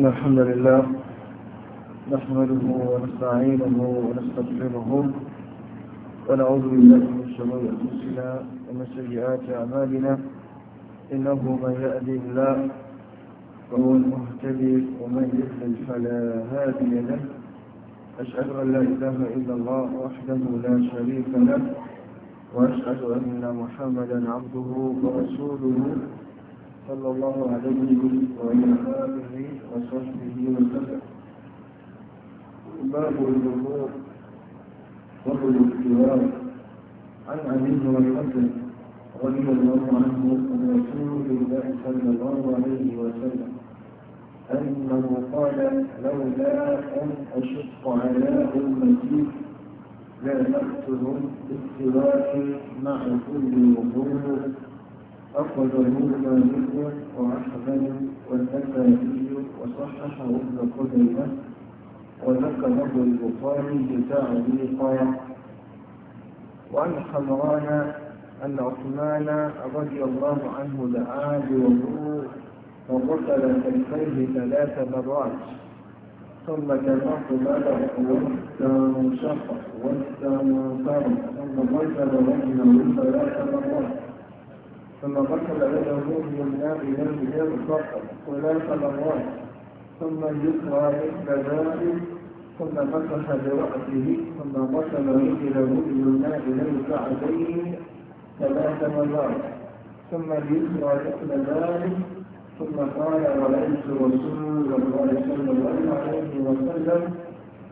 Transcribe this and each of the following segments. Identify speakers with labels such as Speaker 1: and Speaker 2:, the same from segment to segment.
Speaker 1: إن الحمد لله نحمده ونستعينه ونستغفره ونعوذ بالله من شرور أنفسنا ومن سيئات أعمالنا إنه من يأذي الله فهو المهتدي ومن يهدل فلا هادي له أشهد أن لا إله إلا الله وحده لا شريك له وأشهد أن محمدا عبده ورسوله صلى الله عليه وعلى آله وصحبه وسلم باب الوضوء وهو الاختيار عن علي والحسن رضي الله عنه عن رسول الله صلى الله عليه وسلم أنه قال لولا أن أشق على أمتي لأخذهم بالصراط مع كل وضوء أخذه مالك وأحمد والنسائي وصححه ابن خزيمة وذكره البخاري بتعليقا وعن حمران أن عثمان رضي الله عنه دعا بوضوء وغسل كفيه ثلاث مرات ثم تنقبله واستنشق واستنصر ثم غسل وجهه ثلاث مرات ثم غسل يده من نار لم فقط ثلاث مرات ثم يقرأ مثل ذلك ثم مسح برأسه ثم قسم رجله اليمنى اليه الكعبين ثلاث مرات ثم يقرأ مثل ذلك ثم قال رأيت رسول الله صلى الله عليه وسلم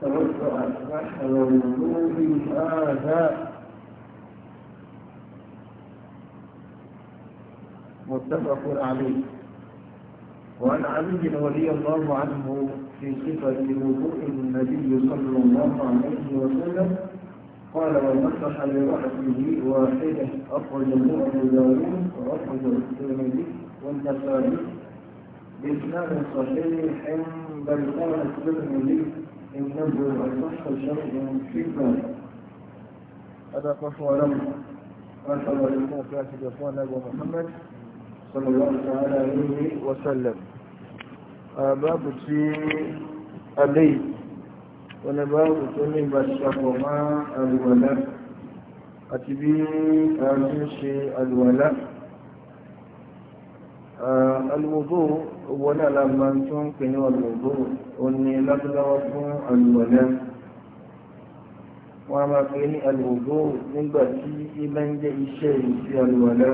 Speaker 1: توسع نحو الوجوه هذا متفق عليه وعن علي رضي الله عنه في صفة وضوء النبي صلى الله عليه وسلم قال ومسح لوحده واحدة أخرجه أبو داوود واخرج الترمذي والنسائي بإسناد صحيح بل قال الترمذي إنه أصح شيء في الباب هذا قصوى لهم ارحب الله في إخوان أبو محمد صلى الله عليه وسلم báàbù tí alẹ́ yìí wọn báàbù tó ní ìbáṣepọ̀ máa àlùwàlá àti bí a ti ń ṣe àlùwàlá alùwòdó wọlé aláàmà tó ń pè ní alùwòdó ó ní lábúláwá fún àlùwàlá wọ́n a máa pè ní alùwòdó nígbà tí ibẹ̀ ń jẹ́ iṣẹ́ ìsí àlùwàlá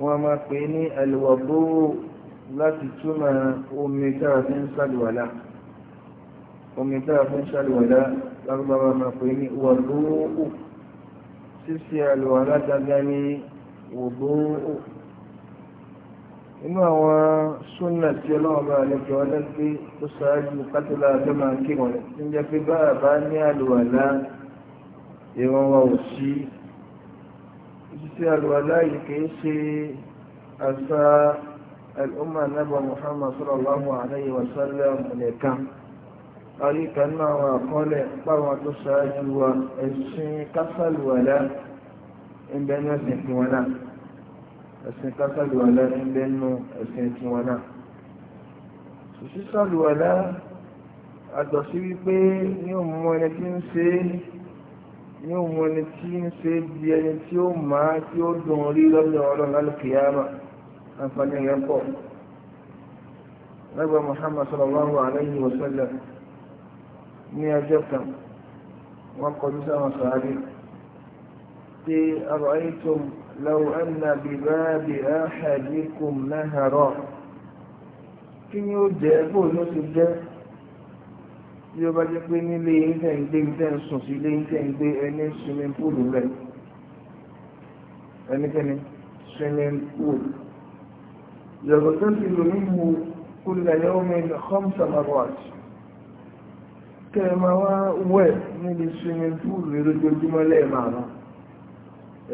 Speaker 1: wọ́n a máa pè ní alùwòdó láti túmọ̀ omi tára fi ń ṣàlùwàlá omi tára fi ń ṣàlùwàlá lágbàbà máa pè ní wàlúù ṣíṣe àlùwàlá dáadáa ní wòlúù inú àwọn súnà tí ọlọ́ọ̀bá àlejò ọlẹ́gbẹ́ tó ṣáájú kátólà tó máa ń kírun ń jẹ́ pé báàbá ní àlùwàlá ìran wa ò sí ṣíṣe àlùwàlá yìí kìí ṣe àṣà الأمة نبى محمد صلى الله عليه وسلم نكام أريكا وقال طوة ساج والشين كفل ولا إن بين السنت ولا السن كفل ولا إن بين السنت ولا sísọ̀lù ọ̀la àtọ̀sí wípé ní òmù ẹni tí ń ṣe ní òmù ẹni tí ń ṣe bí àǹfààní yẹn pọ̀ lẹ́gbẹ̀ẹ́ Muhammad sallallahu alayhi wa sallam ní ọjọ́ kan wọ́n kọjú sáwọn sàárì pé ara'aytum law anna bi babi ahadikum nahara kí ni ó jẹ́ bóun ló ti jẹ́ bí ó bá jẹ́ pé nílé iṣẹ́ ń gbé iṣẹ́ ń sùn sí ilé iṣẹ́ ń gbé ẹni swimming pool rẹ̀ ẹnikẹ́ni swimming pool. يغتسل منه كل يوم خمس مرات كما وي من السويمين بول لرجوجما لẹ́ẹ̀márùn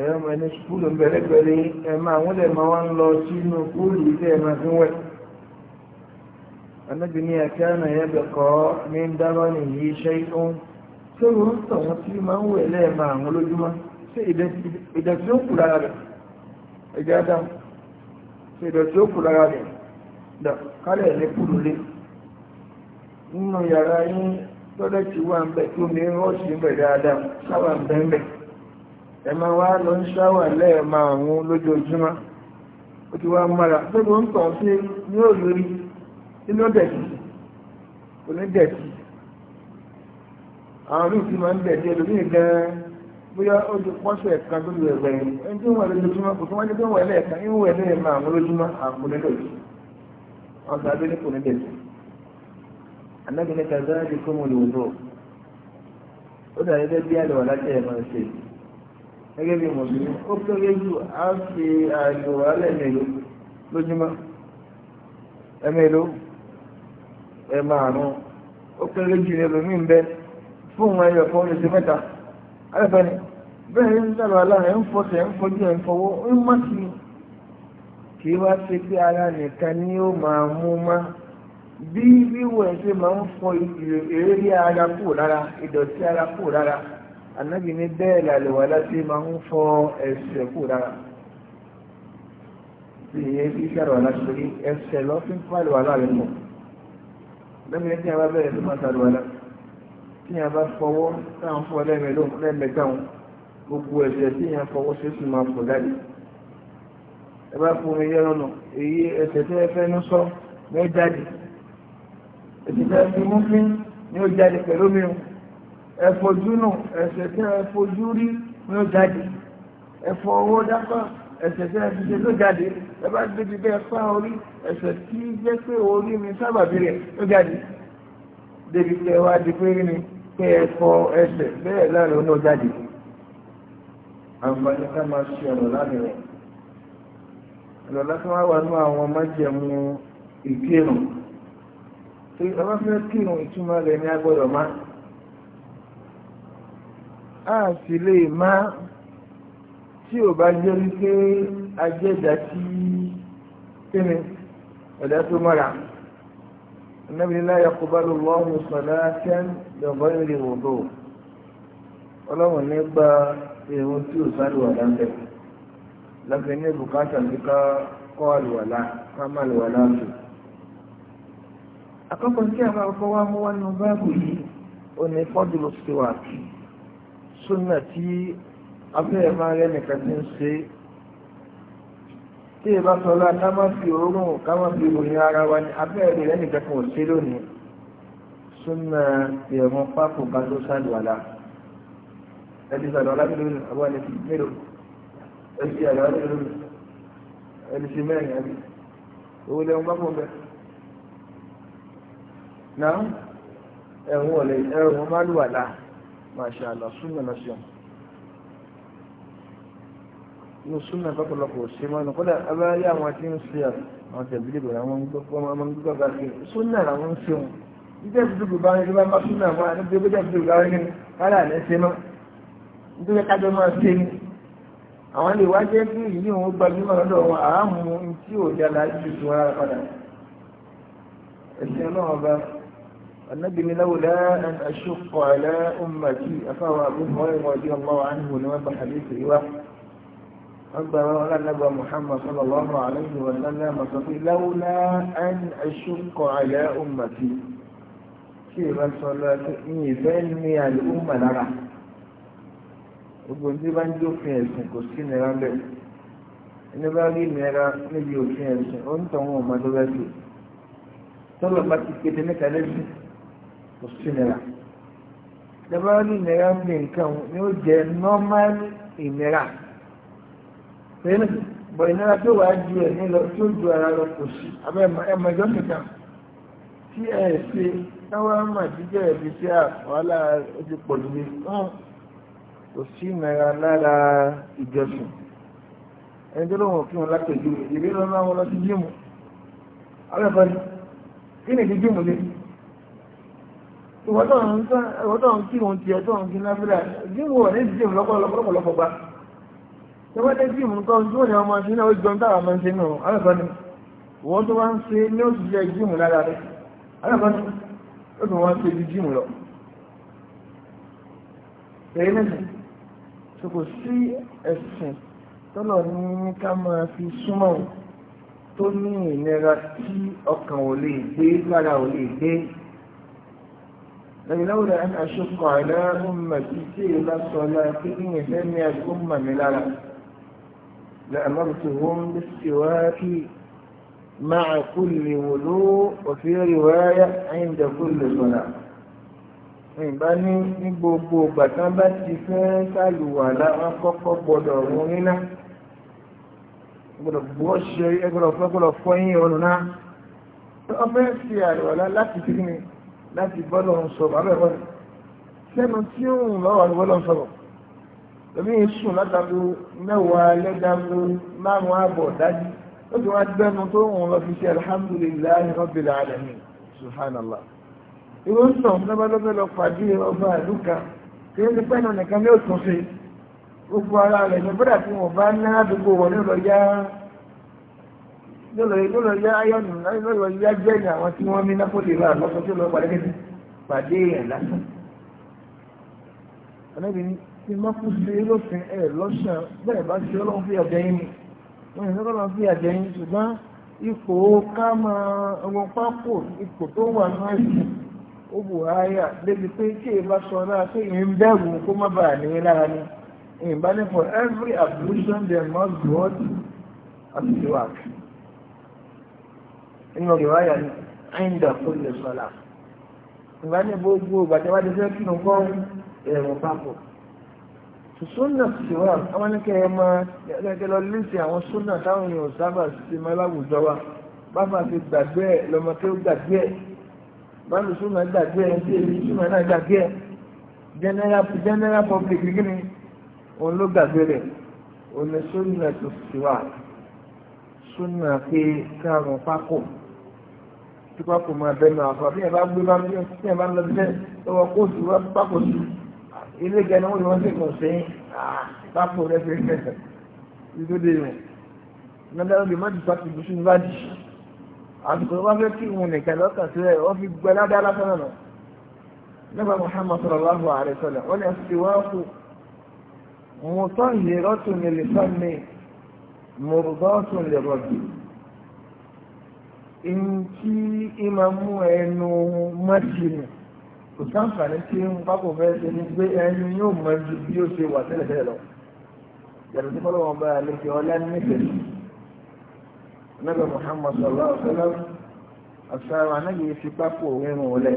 Speaker 1: ẹ̀rọ ma ní sùkúlù bẹ̀rẹ̀bẹ̀rẹ̀ ẹ̀mà àwọn ẹ̀mà wa ń lọ sínú kúrò ilé ẹ̀mà fi wẹ̀ anábì ní àkíyànà ẹ̀bẹ̀kọ́ ní dáná nìyí iṣẹ́ ìkún tí ó ń tọ̀wọ́n tí máa ń wẹ̀ lẹ́ẹ̀mà àwọn lójúmọ́ sí ìdẹ̀tí ó kù lára rẹ̀ ẹ̀jẹ̀ dáhùn tí ó kù lára rẹ̀ kálẹ̀ ní kúrò nínú yàrá yín tí wà ń bẹ̀ tó ní rọ́ọ̀sì ń bẹ̀ sáwà ń bẹ̀ ẹ wá lọ ń sáwà lẹ́ẹ̀ma àwọn ó ti wá mara tó ń tọ̀ sí ní òlórí inú dẹ̀tì onídẹ̀tì àwọn máa bóyá ó ti pọ́ṣẹ̀ kan tó lu ẹ̀gbẹ́ yìí ẹni tí ń wẹ̀ lójoojúmọ́ kò tó wájú pé ń wẹ̀ lẹ́ẹ̀kan ń wẹ̀ lẹ́ẹ̀ máa àwọn lójúmọ́ àkúnlélò ọ̀sà abẹ́lé kò ní bẹ̀rẹ̀ anábì ní kàdá ti kó mo lè wúdò ó dàbí bẹ́ẹ̀ bí àlọ́ lájẹ́ ẹ̀ máa ṣe gẹ́gẹ́ bí mùsùlùmí ó kéré jù á fi àlọ́ alẹ́mẹ̀lú lójúmọ́ ẹ̀mẹ̀lú ẹ̀ máa rún ó kéré jù ní ẹlòmíì ń bẹ fóun ẹyọ kan ẹ̀fẹ̀ni bẹ́ẹ̀ ń dára aláàrẹ̀ ń fọ́sẹ̀ ń fọ́jú ẹ̀ ń fọwọ́ ń má sí kí wá ṣe pé ara nìkan ni ó máa mú má bí wíwọ̀ ẹ̀ ṣe máa ń fọ ìrírí ara kù rárá ìdọ̀tí ara kù rárá ànábì ní bẹ́ẹ̀ làlùwà láti máa ń fọ ẹsẹ̀ kù rárá bí ìyẹn bí sára wà láti rí ẹsẹ̀ lọ́fíńpá lùwà láàrin mọ̀ lẹ́mìí tí a bá bẹ̀rẹ̀ tó máa sára wà tí a bá fọwọ́ táwọn fọ lẹ́mẹ̀ẹ́ta gbogbo ẹ̀ṣẹ̀ tí a fọwọ́ ṣe sì máa fò dáadé ẹ bá fún mi yẹ lọ́nà èyí ẹ̀ṣẹ̀ tẹ́ ẹ fẹ́ ní sọ ní ó jáde ẹ̀ṣẹ̀ tẹ́ ẹ fi mú fín ní ó jáde pẹ̀lú mi o ẹ fojú nù ẹ̀ṣẹ̀ tẹ́ ẹ fojú rí ní ó jáde ẹ fọ owó dápá ẹ̀ṣẹ̀ tẹ́ ẹ fi ṣe ló jáde ẹ bá débi bẹ́ẹ̀ fá orí ẹ̀ṣẹ̀ tí jẹ́ pé orí mi sábàbí rẹ̀ ló jáde débi tẹ́ wá di pé ní pé ẹ̀fọ́ ẹsẹ̀ bẹ́ẹ̀ láàrin oní ọjáde àǹfààní ká máa ṣe ọ̀nà láàrin rẹ̀ ọ̀nà lásán wá wà ní àwọn májẹ̀mú ìkírun tí ọba fẹ́ kírun ìtumọ̀ rẹ̀ ní agbọ́dọ̀ má a sì lè má tí ò bá jẹ́ wípé ajẹ́dá tí kíni ẹ̀dá tó mọ́ra. النبي لا يقبل الله صلاة بغير وضوء ọlọ́run ní gba irun tí ò sálùwàlá ń bẹ̀ lọ́fẹ̀ẹ́ ní bùkátà ní ká kọ́ àlùwàlá ká má àlùwàlá tù. àkọ́kọ́ tí àwọn akọ́kọ́ wa mú wá nínú báàbù yìí ó ní fọ́dùlù síwáàkì súnà tí afẹ́rẹ́ máa rẹ́ nìkan ti ń ṣe é tí ìbá sọ́lá ká má fi òórùn ká má fi ìròyìn ara wa ní abẹ́ẹ̀rẹ̀ rẹ̀ nìkan kan ò lónìí súnmọ́ ìrọ̀mọ́ pápò ká tó sàlùwàlà ẹni sàlùwàlà mélòó ni àwọn ẹni fi mélòó ẹni fi àlùwàlà mélòó ni ẹni fi mẹ́rin ẹni owó lẹ́wọ́n pápò bẹ́ẹ̀. náà ẹ̀wọ̀n ọ̀lẹ́ ẹ̀wọ̀n má lùwàlà màṣà àlọ́ súnmọ́ náà inú súnà tọ́pọ̀lọpọ̀ ṣe mọ́ ọ̀nà kódà abáyé àwọn tí ń ṣe àwọn tẹ̀bílì bẹ̀rẹ̀ àwọn ọmọ gbígbà bá ṣe súnà làwọn ń ṣe wọn jíjẹ́ ìdúgbò bá ń ṣe bá súnà wọn àti bí ó jẹ́ ìdúgbò bá ń ṣe wọn àlẹ́ ṣe mọ́ nítorí kájọ máa ṣe ni àwọn lè wá jẹ́ kí ìyí òun gbajúmọ̀ lọ́dọ̀ wọn àámu tí ò yá ju tí wọ́n padà ẹ̀sìn náà ọba النبي لولا أن أشق على أمتي أفوى أبو هريرة رضي الله عنه لما حديث رواح أكبر أن النبي محمد صلى الله عليه وسلم قال لولا أن أشق على أمتي كيف صلى إيفاني الأمة لرا ogun tí bá ń jó òfin ẹ̀sìn kò sí nira bẹ́ẹ̀ ẹni bá rí nira níbi òfin ẹ̀sìn ó ń tàn wọn ọmọ tó bá ti tọ́lọ̀ bá ti kéde níta lẹ́sìn kò sí nira ẹni bá rí nira ń bí nǹkan ni ó jẹ́ normal ìnira lẹ́nu bọ̀ ìnira tó wà ju ẹ̀mí lọ tó ju ara lọ kò sí abẹ́ ẹmọjọ́ nìkan tí ẹ ṣe táwọn ọmọ ìdíjẹ́ ẹ̀bí sí àwọlá ojú pọ̀lú mi kò sí ìnira lára ìjọsìn ẹni tó lóun òfin lápẹ̀jú ìrí lọ máa wọn lọ sí jíìmù abẹ́fẹ́ ni kí ni jíìmù ni ìwọ́tọ̀ ń kí wọn tiẹ̀ tó ń kí náfíà jíìmù wọ̀ ní jíìmù lọ́pọ̀lọpọ̀ tọ́wọ́ dé sí ìmúkọ́ ojú òní ọmọ ṣe náà ó jọ táwà máa ń ṣe náà alákọ̀ọ́ ni wọ́n tó wá ń ṣe ní oṣù jẹ́ jíìmù lára rẹ̀ alákọ̀ọ́ ni ó fi wọ́n ṣe ju jíìmù lọ. èyí náà ṣe kò sí ẹ̀sìn tọ́lọ̀ ní ká máa fi súnmọ́ tó ní ìnira tí ọkàn ò lè gbé lára ò lè gbé لكن لولا أن أشق على أمتي سيلا صلاة إن فلم يكن من لنا لأمرتهم بالسواك مع كل ولو وفي رواية عند كل صلاة ìbá ní ní gbogbo ìgbà tán bá ti fẹ́ sàlùwàlá wọn kọ́kọ́ gbọ́dọ̀ rún níná gbọ́dọ̀ bọ́ ṣe ẹgbọ́dọ̀ fẹ́ gbọ́dọ̀ fọyín ọ̀run náà wọ́n fẹ́ ṣe àlùwàlá láti kí láti bọ́lọ̀ ń sọ̀rọ̀ abẹ́rẹ́ sẹ́nu tí ó ń lọ́wọ́ ni bọ́lọ̀ ń sọ̀rọ̀ èmi ń sùn látàbí mẹ́wàá lẹ́dàbí márùn-ún àbọ̀ dájú ó ti wá gbẹ́nu tó ń lọ fi ṣe alhamdulillahi rabbil alamin subhanallah ìwé ń sọ lọ́bẹ̀lọ́bẹ̀ lọ pàdé ọba ìlú kan kí ó ti pẹ́ nù nìkan ní òtún ṣe gbogbo ara rẹ̀ ní bọ́dà tí wọ́n bá ní àdúgbò wọn ló lọ yá lọ́lọ́ yá ayọ́nù yá jẹ́ni àwọn tí wọ́n ní nápòlì rà lọ́sọ tó lọ pàdé ẹ̀ lásán ti má kú sí lófin ẹ̀ lọ́sàn bẹ́ẹ̀ bá ṣe ọlọ́run fi àjẹ́ yín ni wọ́n yẹn sọ́kọ́ náà fi àjẹ́ yín ṣùgbọ́n ipò ká máa ọmọ pápò ipò tó wà náà sí ó bù háyà débi pé kí èèyàn bá sọ náà pé èèyàn ń bẹ̀rù kó má bàa ní lára ni èèyàn bá ní for every ablution there must be what asiwak inú ìwáyà ni àyíǹda kó lè sọ̀la ìgbà ní gbogbo ìgbà tí wọ́n ti fẹ́ kí nǹkan ẹ̀rọ papọ̀ súnà tiwa àwọn nìkẹ́ ẹ máa gẹ́gẹ́ lọ lẹ́sì àwọn súnà táwọn èèyàn sábà sí máa láwùjọ wa bàbá ti gbàgbé ẹ̀ lọ́mọ tó gbàgbé ẹ̀ báàlù súnà gbàgbé ẹ̀ sí èyí súnà náà gbàgbé ẹ̀ general public gíní òun ló gbàgbé rẹ̀ òun ni súnà tó tiwa súnà pé káàrùn pákó tí pákó máa bẹ́ẹ̀ náà bí ẹ bá gbé bá ń lọ sí ẹ lọ́wọ́ kóòtù wá pákó sí i ilé gẹ̀ẹ́nà wọ́n ni wọ́n sì kàn sí pápò rẹ̀ fi rẹ̀ títí dé ìwọ̀n nígbà tó di mọ́tì pàtì gúúsù ní bájì àsìkò wọn fẹ́ kí ìwọ̀n nìkan lọ́kàn sílẹ̀ wọ́n fi gbẹ ládá lásán nà nígbà Muhammad sallallahu alaihi wasallam wọ́n ni a ti wá kú mùtọ́ ìyẹ̀rọ́tún ní lè sọ́ mi mùrùdọ́tún lè rọ̀bì ìǹtí ìmàmú ẹnu mọ́tì nù kò sáǹfààní tí ń pápò fẹ́ ṣe ní pé ẹni yóò mọ ju bí ó ṣe wà tẹ́lẹ̀ tẹ́lẹ̀ lọ yàtọ̀ sí fọlọ́wọ́n bá lè fi ọlá nífẹ̀ẹ́ Nabi Muhammad sallallahu alaihi wa sallam àṣàrò anáyè fi pápò rírun ọlẹ́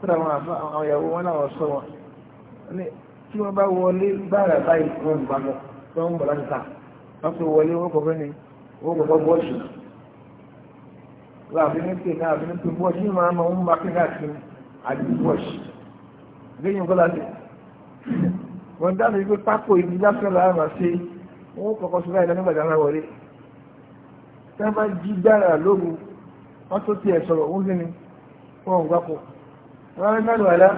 Speaker 1: kódà wọn àfa àwọn ìyàwó wọn náà sọ wọn ní tí wọn bá wọlé bára báyìí wọn bá lọ ń bọ̀ láti ta wọn fi wọlé wọn kọfẹ́ ni wọn kọfẹ́ bọ́ọ̀ṣù láàbí ní pè náà àbí ní pè bọ́ọ̀ṣù yìí máa ń mọ àdìwọ̀ṣì lẹ́yìn kọ́láṣẹ́ wọ́n dáná wípé pákó ibi lásán lára máa ṣe wọ́n kọ́kọ́ sí láìlọ nígbà dáná wọlé tí wọ́n bá jí dára lóru wọ́n tó tiẹ̀ sọ̀rọ̀ òun sí ni wọ́n ń gbáko wọ́n rẹ́ náà wà lá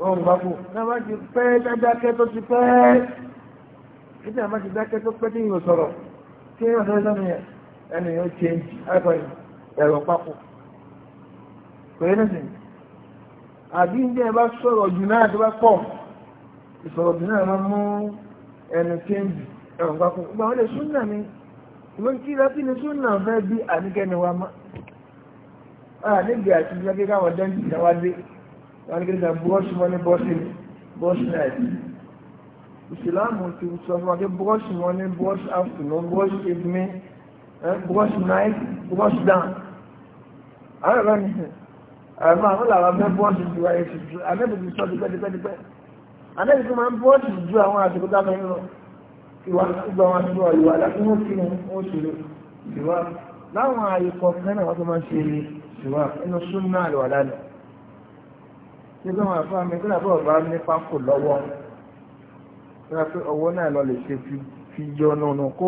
Speaker 1: wọ́n ń gbáko náà bá ti pẹ́ dádákẹ́ tó ti pẹ́ nígbà máa ti dákẹ́ tó pẹ́ tí yóò sọ̀rọ̀ kí yóò sọ̀rọ̀ sọ́mi yẹn ẹni yóò ṣe ẹ̀rọ pákó kò yẹ náà sì àbí ń jẹ́ bá sọ̀rọ̀ jù náà tó bá pọ̀ ìsọ̀rọ̀ jù náà máa mú ẹnu kéńjì ẹ̀wọ̀n papọ̀ gbogbo àwọn ilé súnà ni ìwé kí láti ní súnà fẹ́ bí àníkẹ́ni wa má àníbi àti ìjọba kíkà wọn dẹ́ńtì ìdáwá dé wọn kí nígbà búrọ́ọ̀ṣì wọn ní bọ́ọ̀ṣì ní bọ́ọ̀ṣì náà ẹ̀dí ìsìláàmù ti sọ fún wa pé búrọ́ọ̀ṣì wọn ní bọ́ọ̀ṣì afternoon bọ́ọ̀ṣì evening bọ́ọ̀ṣì night bọ́ọ̀ṣì down àwọn ẹ̀rọ ẹ̀mọ́ àwọn làwọn fẹ́ bọ́ọ̀sì ju ayé sì ju anẹ́bí ti sọ dípẹ́dípẹ́dípẹ́ anẹ́bí ti máa ń bọ́ọ̀sì ju àwọn àsìkò tá a fẹ́ lọ ìwà gbogbo àwọn àsìkò ìwà láti wọ́n fi wọ́n ṣeré ìwà láwọn ààyè kọ̀ọ̀kan náà wọ́n tó máa ń ṣe ìwà inú súnmọ́ àlùwà lánàá ṣé bí wọn àfọwọ́ mi kúrò àbọ̀ bá ní pákó lọ́wọ́ wọn pé ọwọ́ náà lọ lè ṣe fi jọ nànà kó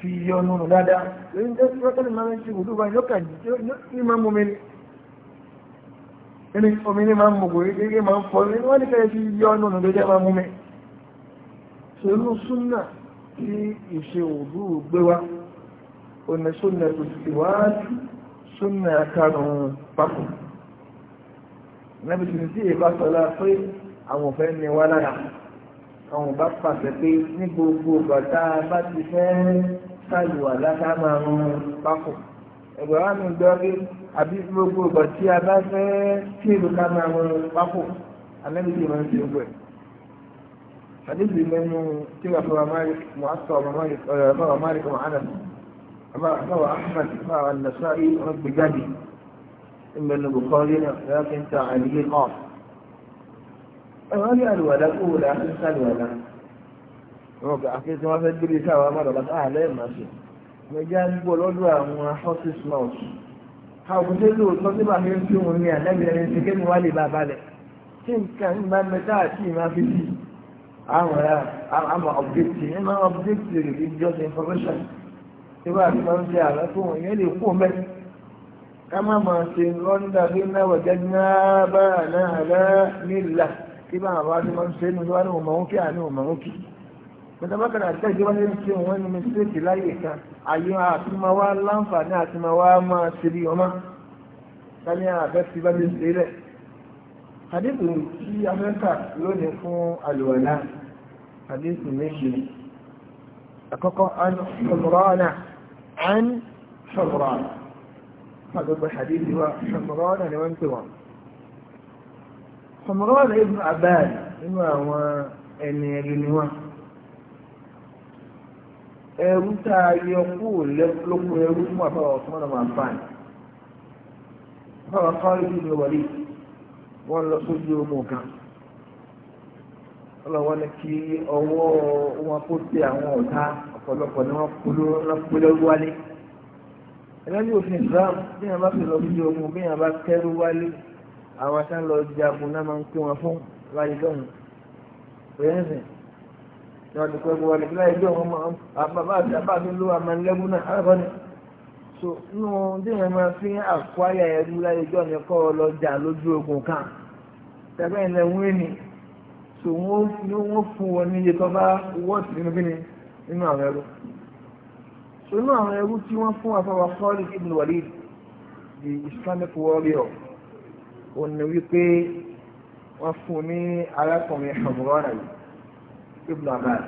Speaker 1: fi yọnu nù dáadáa lórí ní sọ́kẹ́lì máa ń ṣe wùdú báyìí lọ́kà ní máa mú mi ní ẹni omi ní máa ń mú gòrí gẹ́gẹ́ máa ń fọ́ ní wọ́n ní kẹ́yẹ́ fi yọnu nù dédé máa mú mi ṣerú súnà tí ìṣe wùdú gbé wa ọ̀nà súnà tó ti wáájú súnà karùn-ún papọ̀ nàbí tuntun tí èèbá sọlá pé àwọn òfẹ́ ni wá lára àwọn bá pàṣẹ pé ní gbogbo bàtà bá ti fẹ́ káàlù àdáká máa ń pákó ẹgbẹ́ wa mi gbọ́ rí àbí gbogbo ọ̀gbọ̀ tí a bá fẹ́ kí èrò ká máa ń pákó anábìyí máa ń ṣe gbọ́ ẹ̀. حديثي من كما هو مالك مؤثر ومالك روى مالك وعنس روى احمد روى النسائي رب جدي اما البخاري لكن تعليقا هذه الولاء الاولى الولاء wọn kà áké tí wọ́n fẹ́ gbére káwọn amọ̀dọ̀lá káàlẹ́ ìmàṣẹ mẹjá ń gbọ́ lọ́dọ̀ àwọn horses mouth káwọn kò tẹ́ lóòótọ́ tí màá fi ń tún òun ní àdábìrin ẹni tí kémi wá lè bá balẹ̀ tí nǹkan ń bá mẹ́ta àti ìmá fi sí àwọn àmọ̀ objective ẹ̀ máa objective religious information tí wọ́n àti máa ń ṣe àlọ́ fún òun yẹn lè kú mẹ́rin kama ma ṣe rọ́ndà bí mẹ́wàá jẹ́gbẹ́ bá náà rẹ́ nílà kí bá àwọn àti máa ń ṣe pẹ̀tàbákàrà àtẹ́jú wọ́n ní kí wọ́n ní mistake láyé kan ayé àti máa wá láǹfààní àti máa wá máa ṣe bí ọmọ tani àbẹ́ ti bá mi ṣe rẹ̀ àdéhùn tí amẹ́ríkà lónìí fún àlùwàlá àdéhùn méjì àkọ́kọ́ an ṣọmọrọ́nà an ṣọmọrọ́nà àgbẹ̀gbẹ̀ àdéhùn wa ṣọmọrọ́nà ni wọ́n pè wọ́n ṣọmọrọ́nà ibùn àbáyé nínú àwọn ẹni ẹni ni ẹrú tá a yọ kú lóko ẹrú fún àbáwọ̀ ọ̀tún ọ̀nà máa fàn báwa kọ́ ibi ni wọlé wọ́n lọ sójú ogun kan ọlọ́wọ́ ni kí ọwọ́ wọn kó tẹ àwọn ọ̀tá ọ̀pọ̀lọpọ̀ ni wọ́n kú lọ́wọ́ wálé ẹlẹ́ni òfin Islam bí wọn bá fi lọ sójú ogun bí wọn bá kẹ́rú wálé àwọn aṣáájú lọ jagun náà máa ń pín wọn fún láyé lọ́hùn-ún náà ti pẹ́kọ̀ wà nípínlẹ̀ ẹjọ́ wọn máa àbábá àti àbábí ló wà máa lẹ́gùn náà àbọ̀ ni. so inú díẹ̀ máa fi àkó ayà ẹ̀rú láyé ẹjọ́ ni kọ́ ọ lọ jà lójú ogun kan tẹ́gbẹ́ ilẹ̀ ń wé ni so wọ́n fún wọn níye tó bá wọ́ọ̀tì nínú bí ni nínú àwọn ẹrú. so inú àwọn ẹrú tí wọ́n fún afọwọ́ kọ́ọ̀lì ibn Walid the Islamic warrior òun ni wípé wọ́n fún ní arákùnrin ṣàmùrọ́nà yìí ibùdó àbáyé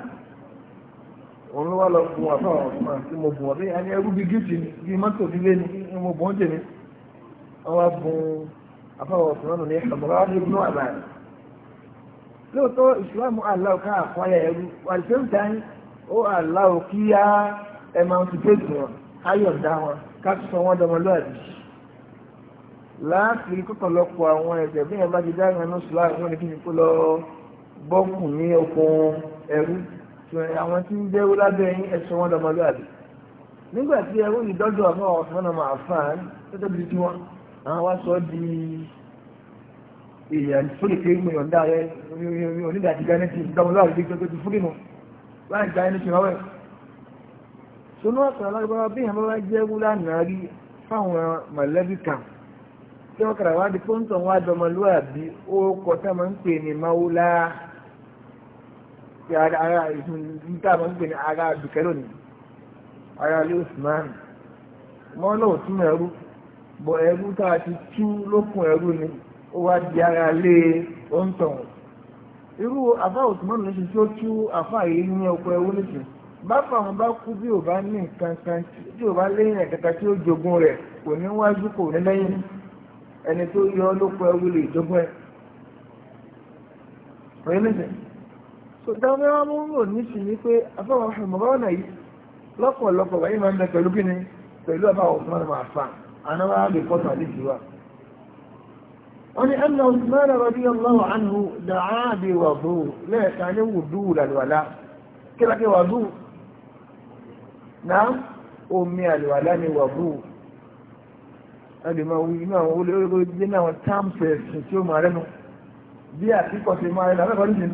Speaker 1: òun ló wá lọ bùn wà fún àwọn ọmọ tí mo bùn wà bí ẹni ẹrú bíi gíìtì ni bíi mọ́tò nílé ni mo bùn ó jèmi wọ́n wá bùn àfọwọ́ ọ̀sán náà ní ẹ̀kọ́ ibùdó àbáyé lóòótọ́ ìsìlámù aláwọ̀ ká àkọ́yà ẹrú àìsàn tán ó aláwọ̀ kí á ẹ máa ti pé jù wọn káyọ̀dá wọn ká sọ wọn dọmọlúwàbí láàfin kọ́kànlọ́pọ̀ àwọn ẹ̀jẹ̀ bí ẹ bá ti dá ìrànlọ́sùlá ìwọ̀n ní kí ni kó lọ́ọ́ bọ́kùn ní ọkọ̀ ẹrú àwọn tí ń jẹ́wó lábẹ́ yín ẹ̀sùn wọn lọ́mọlúwàbí nígbà tí ẹrú yìí dọ́dọ̀ àwọn ọ̀sán ọmọ àfáàn tó tóbi tí wọ́n àwọn wá sọ di èèyàn fúlùkì mú yọ̀ǹda rẹ onídàájí gánẹ́tì lọ́mọlúwàbí gbígbé tó ti fúlì nù láì gba ẹni tí wọ́n wẹ̀. sọnù ọ̀sán alágbára bí àwọn bá jẹ́wó lánàá rí fáwọn mọ̀lẹ́bí kan tí wọ́n kàrà wá di pọ́ńtọ̀ wá dọmọlúwàbí ó kọ ara ìtàbọ̀ ń pè ní ara dùkẹ́lò ní ara ilé Usman wọ́n lọ́wọ́ tún ẹrú bọ̀ ẹrú tá a ti tú lókun ẹrú ni ó wá di ara lé oúntàn irú àfá Usman ló ṣe tí ó tú àfá yìí ní ọkọ̀ ẹrú nìkan bákan àwọn bá kú bí ò bá ní nǹkan kan tí ò bá lẹ́yìn ẹ̀kẹ́kẹ́ tí ó jogún rẹ̀ kò ní wájú kò ní lẹ́yìn ẹni tó yọ lókun ẹrú lè jogún ẹ̀ tó dáwọn mẹ́wàá mú rò ní sí ní pé afẹ́wọ̀n ọ̀nà yìí lọ́pọ̀lọpọ̀ wáyé máa ń bẹ pẹ̀lú kíni pẹ̀lú ọba Osman máa fà anáwá lè pọ̀ tàbí ìwà wọ́n ni ẹnna Osman radiyallahu anhu dàá bí wàdú lẹ́ẹ̀ka ní wùdú làlùwàlá kílákí wàdú náà omi àlùwàlá ni wàdú ẹlùmọ̀ wí inú àwọn olóògbé náà táàmù ẹ̀sìn tí ó máa rẹ́nu bí àtìkọ̀ sí máa rẹ́nu abẹ́kọ̀ọ́ nìyẹn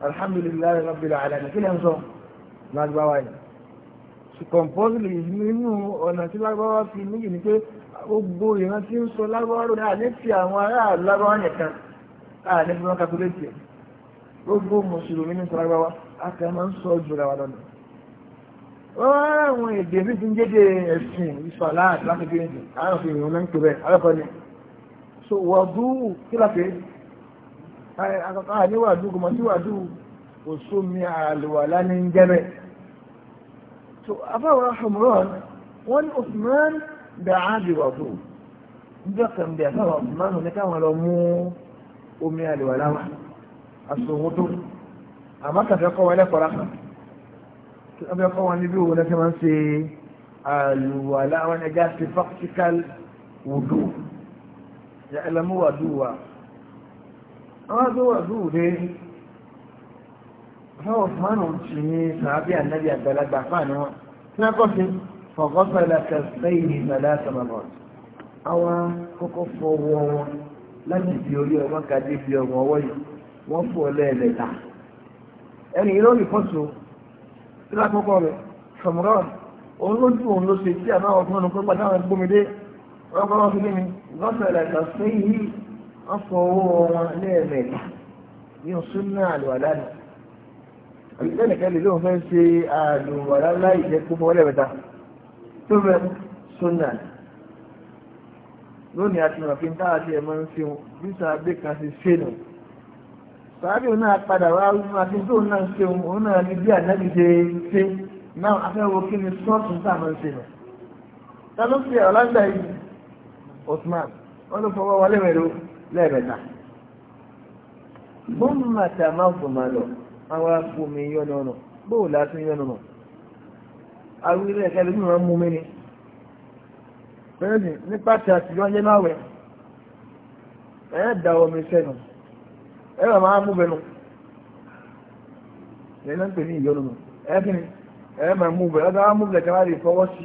Speaker 1: Alhamdulillah, rabbil alamin kí lè ń sọ lágbáwá yìí ṣùkọ̀mpọ́sìlì nínú ọ̀nà tí lágbáwá fi níyì ni pé gbogbo ìran tí ń sọ lágbáwá rò ní àlétí àwọn ará lágbáwá yẹn kan àlẹ́ fi wọ́n kakulétì ẹ̀ gbogbo mùsùlùmí ní sọ lágbáwá a kà máa ń sọ jù làwọn lọ́nà àwọn èdè ní ti ń jẹ́dẹ̀ ẹ̀sìn ìṣọ̀lá àti láti gbé ẹ̀sìn àwọn òfin ìrìn ń pè bẹ́ẹ̀ alẹ́kọ̀ọ́ so wọ́n bú kí àkàkà níwàdú kò mọ̀ síwàdú kò sómi àlùwàlá ní jẹ́bẹ̀ so afáwọ̀ Humran wọ́n ní Usman da ábìwàdú níjọ́ kan bí afáwọ̀ Usman ní káwọn lọ mú omi àlùwàlá wa àsòwò tó àmọ́ kàfẹ́ kọ́ wọn lẹ́kọ̀ọ́ lásán tí wọ́n fẹ́ kọ́ wọn níbi òun lẹ́sẹ̀ máa ń ṣe àlùwàlá wọn ẹja ṣe practical wudu ya ẹlẹ́mú wàdú wa àwọn tó wà lóòrè fáwọn fánù ti ní sàábí ànábì àgbàlagbà fáànù wọn tí wọ́n kọ́ sí fọ̀gọ́fẹ́lá kẹsẹ́yìn ìgbàlá sọmọbọ̀t àwọn kókó fọwọ́ wọn láti fi orí ọmọ kadé fi ọmọ òun ló ṣe tí àbáwọ̀ fún ọ̀nà pé pàtàkì gbómi dé wọ́n kọ́ wọ́n fọ owó wọn lẹ́ẹ̀mẹ́rin ní ọ̀sùn náà àlùwàlá ni àbíkẹ́ni kan lè lóun fẹ́ ṣe àlùwàlá láì jẹ́ kó fọwọ́ lẹ́ẹ̀mẹ́ta tó fẹ́ sọ́nà lónìí àti ìrọ̀fí ń táà tí ẹ máa ń fi bí sàábé kan ti ṣe nù sàábé òun náà padà wá wípé àti tó òun náà ṣe òun náà ní bí ànábì ṣe ṣe náà afẹ́wo kí ni sọ́ọ̀tún tá a máa ń ṣe nù ta ló fi ọ̀làǹdà yìí Osman wọ́n ló fọwọ́ wọlé mẹ́rin lẹ́ẹ̀mẹ́ta mọ́mọ́ta máa fò máa lọ àwọn afọmi yọ́nà ọ̀nà bóò látún yọ́nà ọ̀nà ẹ̀kẹ́lẹ́ mú mi ni ní pàtàkì wọ́n jẹ́ máwẹ̀ ẹ̀ da omi sẹ́nu ẹ̀ máa mú bẹ̀nu ẹ̀ ń pè ní ìyọ́nà ọ̀nà máa mú ọ̀dọ́ mú kí wọ́n lè fọwọ́ sí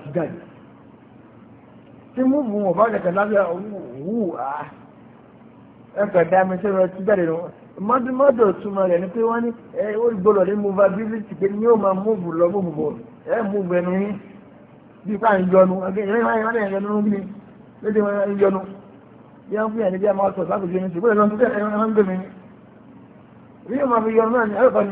Speaker 1: ti jáde tí mú mú ọ̀bá kẹ̀kẹ́ lábẹ́ òwú àá ẹ̀kọ̀ dámi tí wọ́n ti bẹ̀rẹ̀ wọn mọ́dúnmọ́dọ̀ túmọ̀ rẹ̀ ni pé wọ́n ní ẹ ó gbọ́dọ̀ ní movability pé ní ó máa múùbù lọ múùbù bọ̀ ẹ múùbù ẹnu yín bí ká ń yọnu ẹgbẹ́ ìrìn máa ń yọnu ẹ̀yọ́ nínú bí lédè wọn ń fún yẹn bí a máa sọ sábòjú fi yọnu náà ni ẹ̀rọ kan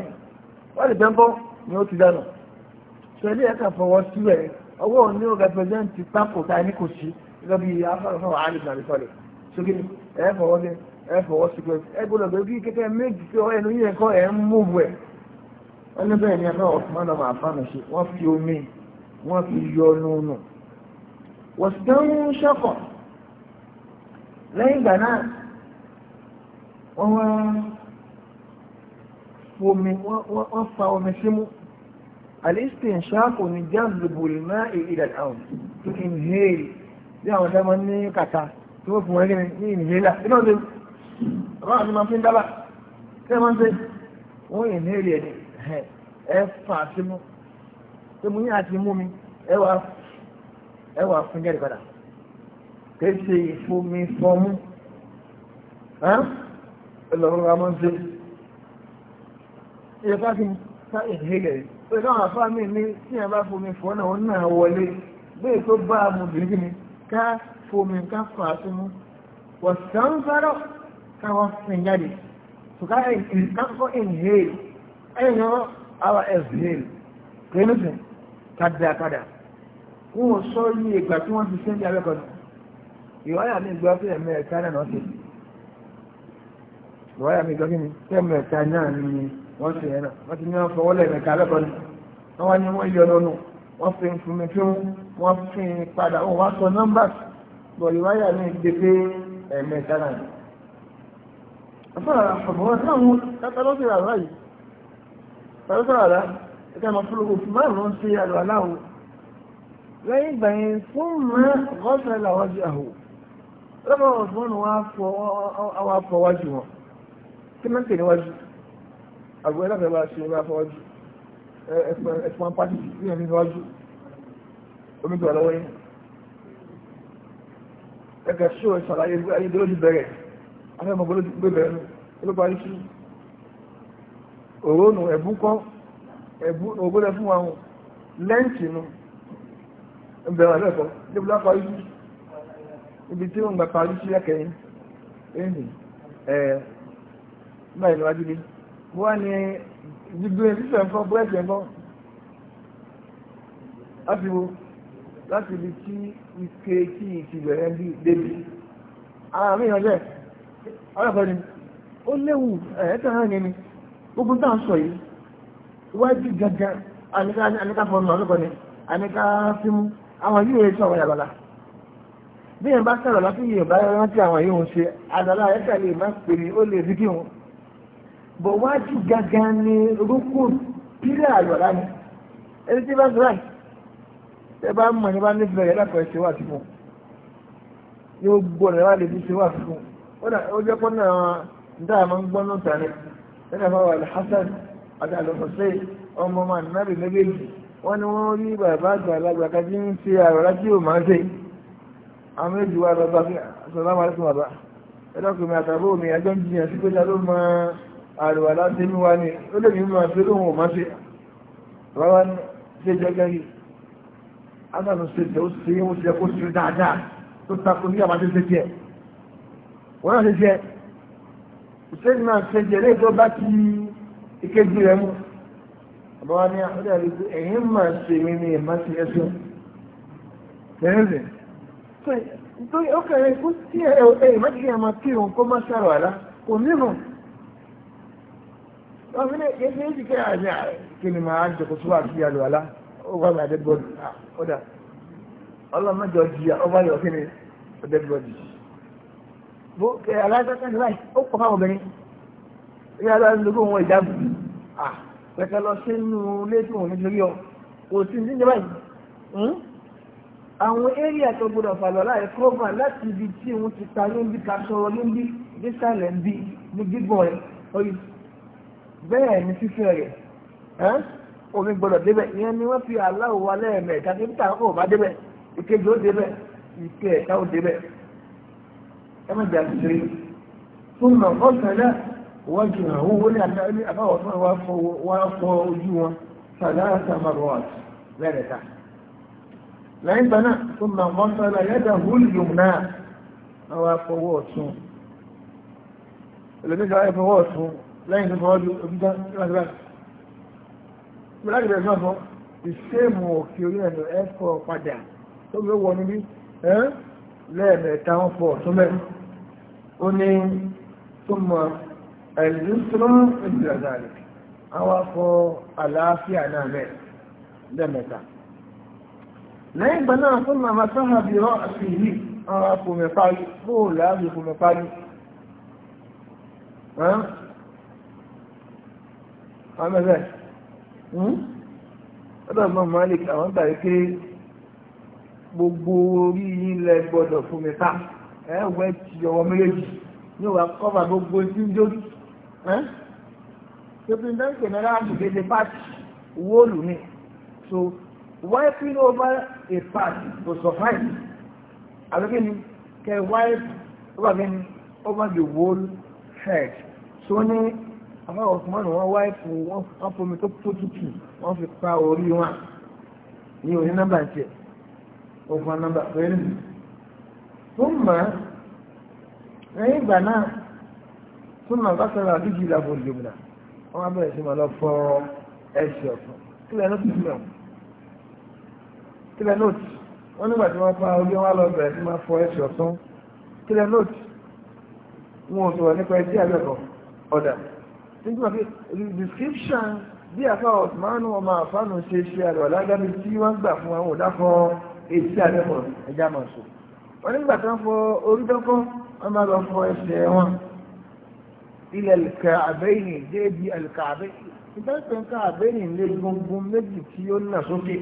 Speaker 1: ni wọ́n owó ní ó rẹpẹsẹ́ǹtì pápò tá a ní kò sí gẹ́gẹ́ bí afárọ̀fọ́ àlè nàbí sọ̀lẹ̀ sókè ẹ fọwọ́ bẹ ẹ fọwọ́ sípẹ́ ẹ gbọ́dọ̀ bẹ bí kẹ́kẹ́ méjì tí ọwọ́ ẹnu yẹn kọ́ ẹ ń mú wẹ̀ ẹni bẹ́ẹ̀ ni ẹ̀fọ́ ọ̀túnmọ́nà máa fánà ṣe wọ́n fi omi wọ́n fi yọ ọnu nù wọ́n sì tán ń ṣọ́kọ̀ lẹ́yìn ìgbà náà wọ́n wá omi wọ́n fa omi símú al-istinshaaq ni jalbu al-ma'i ila al to inhale bí àwọn ọ̀dọ́ ní kàtà tí wọ́n fún wọn ní inhaler iná ọ̀dọ́ ọ̀rọ̀ àti máa fi ń dábà tí wọ́n máa ń ṣe wọ́n inhale ẹ̀ ẹ fà á sí mú pé mo ní àti mú mi ẹ wà ẹ wà fún jẹ́rìí padà kìí ṣe ìfomi fọmú ẹ lọ́rọ̀ àwọn ṣe ká fi ká inhale ẹ̀ pẹ̀lú àwọn afá mi ní tí a bá fomi fọ́ náà wọ́n náà wọlé bí èso bá a mú bìrì ni ká fomi ká fà á tó mú wọ́n sàn fẹ́rọ̀ ká wọ́n sìn jáde tó ká kọ́kọ́ inhale ẹ̀yìn wọn our exhale kìnnìkan kàdàkàdà wọn ò sọ yí ìgbà tí wọ́n ti ṣe ń di abẹ́kọ̀ọ́nù ìwáyà mi gbọ́ fún ẹ̀mẹ́ ẹ̀ka náà náà ṣe ìwáyà mi gbọ́ fún ẹ̀mẹ́ ẹ̀ka náà ni wọ́n sì ẹ̀nà wọ́n ti ní wọ́n fọwọ́ lẹ́ẹ̀mẹ̀ ká lẹ́kọ̀ọ́ ni wọ́n wá ní wọ́n yọ lọ́nu wọ́n fi fúnmi fún wọ́n fi padà wọ́n wá sọ nọ́mbà bọ̀lì wáyà ní gbèsè ẹ̀mẹ̀ta náà. àfọwọ́ àfọwọ́ táwọn kátàlọ́sẹ̀ àlọ́ yìí kátàlọ́sẹ̀ àlọ́ ẹ̀ka máa fúlùkù fún márùn-ún sí àlọ́ lẹ́yìn ìgbà yẹn fún mọ́ gọ́ọ̀sẹ̀ làwọn jẹ́ àhò lọ́wọ́ ọ̀sán wọn á fọwájú wọn kí mẹ́tẹ̀ níwájú àgbẹ̀ ẹlẹ́fẹ̀ẹ́ máa ṣe máa fọwọ́jú ẹ̀fọn pàṣẹ sí ẹ̀mí fọwọ́jú omi tó lọ́wọ́ yẹn ẹ̀kẹ́ ṣó ẹ̀ ṣàlàyé ayé dúró ti bẹ̀rẹ̀ afẹ́ mọ̀ bọ́ló ti gbé bẹ̀rẹ̀ nù ló parí sí òrónù ẹ̀bú kọ́ ẹ̀bú ògbólẹ̀ fún àwọn lẹ́ǹtì nù ẹ̀bẹ̀rẹ̀ àlẹ́kọ̀ọ́ níbi lá parí sí ibi tí wọ́n gbà parí sí ẹ̀kẹ́yìn ẹ̀yìn ẹ̀ báyìí lọ́wọ́ wọ́n ní gbígbé fífẹ̀ ńkọ́ búrẹ́dì ńkọ́ láti wo láti ibi tí ike tí ìtì bẹ̀rẹ̀ ń bí débi ara mi yànjẹ́ ọlọ́pàá ni ó léwu ẹ̀ẹ́tẹ̀ hàn ní ni gbogbo tá à ń sọ yìí iwájú gangan àníká fọnù ọlọ́pàá ni àníká fímú àwọn yìí rèé tí àwọn yàgbàlá bí yẹn bá sọ̀rọ̀ láti yìí bá rántí àwọn yìí ń ṣe àdàlà ẹ̀ka lè má pè ní ó lè rí kí wọn bọ̀ wájú gangan ni rukun pílẹ̀ àlọ́lá ni ẹni tí bá ń sọ́ra ẹ bá ń mọ̀ ní bá ní bẹ̀rẹ̀ lápẹ̀ ṣe wà fífún yóò gbọ́ ní wà lè fi ṣe wà fífún ó jẹ́ pọ́n náà níta àmọ́ ń gbọ́ náà tààrẹ nínú àwọn àwọn alhassan àti alhussein ọmọ ọmọ ànábì méjèèjì wọ́n ní wọ́n rí bàbá àgbàlagbà kájí ń ṣe àrọ̀lá tí ò máa ń ṣe àwọn méjì wà lọ́ba sọ̀rọ̀ àwọn àti àríwà láti mú wa ní ó lè mímọ̀ sí lóhun ọmọ sí rárá ní ṣe jẹ́gẹ́rí agbára ṣe tẹ́ ó ṣe ó ṣe kó ṣe dáadáa tó takò ní àbájá ṣe jẹ́ wọ́n náà ṣe jẹ́ ìṣẹ́ni náà ṣe jẹ́ lè bá ti ìkejì rẹ̀ mú ọ̀bọ̀ ní àwọn ẹ̀rí pé ẹ̀yìn máa ṣe mí ní ìmọ̀ sí ẹ̀ṣọ́ nítorí ó kẹrin kó tí ẹ̀ wọ́n fi lè kéde ni màá jẹ́ kó tó wà sí àlọ́ àlá ó wà ní àdẹ́gbọ́dì ọ̀dà ọlọ́mọdé ọjì ọba yọ kí ni àdẹ́gbọ́dì. bó kẹ aláìsàn ní láì ó pọ̀ fáwọn obìnrin ìyá ló ń lókun wọn ìjáàbù pẹ̀kẹ́ lọ sínú létí òun nítorí ọ hmm? àwọn area tó gbọdọ̀ fàlọ́ láì kọ́ọ̀bà láti ibi tí òun ti ta ló ń bí ká sọ̀rọ̀ ló ń bí nísàlẹ̀ ń bí ní gbígbọ́ ẹ̀ bẹ́ẹ̀ ni fífẹ́ rẹ̀ omi gbọ́dọ̀ débẹ̀ ìyẹn ni wọ́n fi aláwọ̀ wa lẹ́ẹ̀mẹ̀ta ní níta ó bá débẹ̀ ìkejì ó débẹ̀ ìkẹ́ ẹ̀ka ó débẹ̀ ẹ má jà sí fún mọ̀ ọ̀sẹ̀lẹ̀ wọ́n ju àwọn owó ní àbáwọ̀ fún wa fọ ojú wọn sàdáàtà marwat lẹ́ẹ̀ta lẹ́yìn ìgbà náà fún mọ̀ ọ̀sẹ̀lẹ̀ yẹ́dà húlùm náà wọ́n wá fọwọ́ ọ̀tún lẹ́yìn fífọ́ ọdún ọdún láti báyìí bí láti bẹ̀rẹ̀ sọ́fọ́ ìṣéèmù òkè orí ẹ̀nà ẹ̀fọ́ padà tó bí ó wọ níbí lẹ́ẹ̀mẹ̀ta wọn fọ ọ̀tún mẹ́rin ó ní tó mọ ẹ̀lú tó ń ìgbìyànjú rẹ̀ àwọn afọ àlàáfíà náà mẹ́rin lẹ́ẹ̀mẹ̀ta lẹ́yìn ìgbà náà tó mọ̀ máa rọ́ àti ìlú àwọn afọ mẹ́párí bóòlù àbí àwọn mẹ́fẹ́ hmm? ọ̀dọ̀ mọ́ Malik àwọn tàbí pé gbogbo orí ilẹ̀ gbọ́dọ̀ fún mi ká ẹ̀wẹ́ ti ọwọ́ méjèèjì ní wà kọ́fà gbogbo tí ń jókì tó fi ń dánkè náà láti gbèsè pàtì so wiping over a part to survive àbíkí ni kẹ wipe over the whole head so ní àmọ́ Usman wọ́n wá ìfò wọ́n fomi tó tútù wọ́n fi pa orí wọn ní oní nọ́mbà tiẹ̀ òfin nọ́mbà pẹ̀lú fún mọ́ lẹ́yìn ìgbà náà fún mọ́ bàtàrà àdúgbò ìlàbò ìjọba wọ́n á bẹ̀rẹ̀ sí ma lọ fọ ẹsẹ̀ ọ̀tún kílẹ̀ ló ti fún ẹ̀ kílẹ̀ nóòtù wọ́n nígbà tí wọ́n pa orí wọn lọ bẹ̀rẹ̀ sí ma fọ ẹsẹ̀ ọ̀tún kílẹ̀ nóòtù wọn ò sọ̀rọ̀ nípa ẹjẹ́ àgbẹ̀kọ̀ ọ̀dà nígbà pé description bí àfa ọ̀tùmánú ọmọ àfánù ṣe ṣe àrò alágbábí tí wọ́n gbà fún àwọn òdáfọ́ èsì àdẹ́mọ̀ ẹja mọ̀ sọ wọ́n nígbà tó ń fọ orí dọ́kọ́ wọ́n máa lọ fọ ẹsẹ̀ wọn ilẹ̀ alkàbẹ́yìn débi alkàbẹ́yìn ìtẹ́sẹ̀ káàbẹ́yìn lé gungun méjì tí ó nà sókè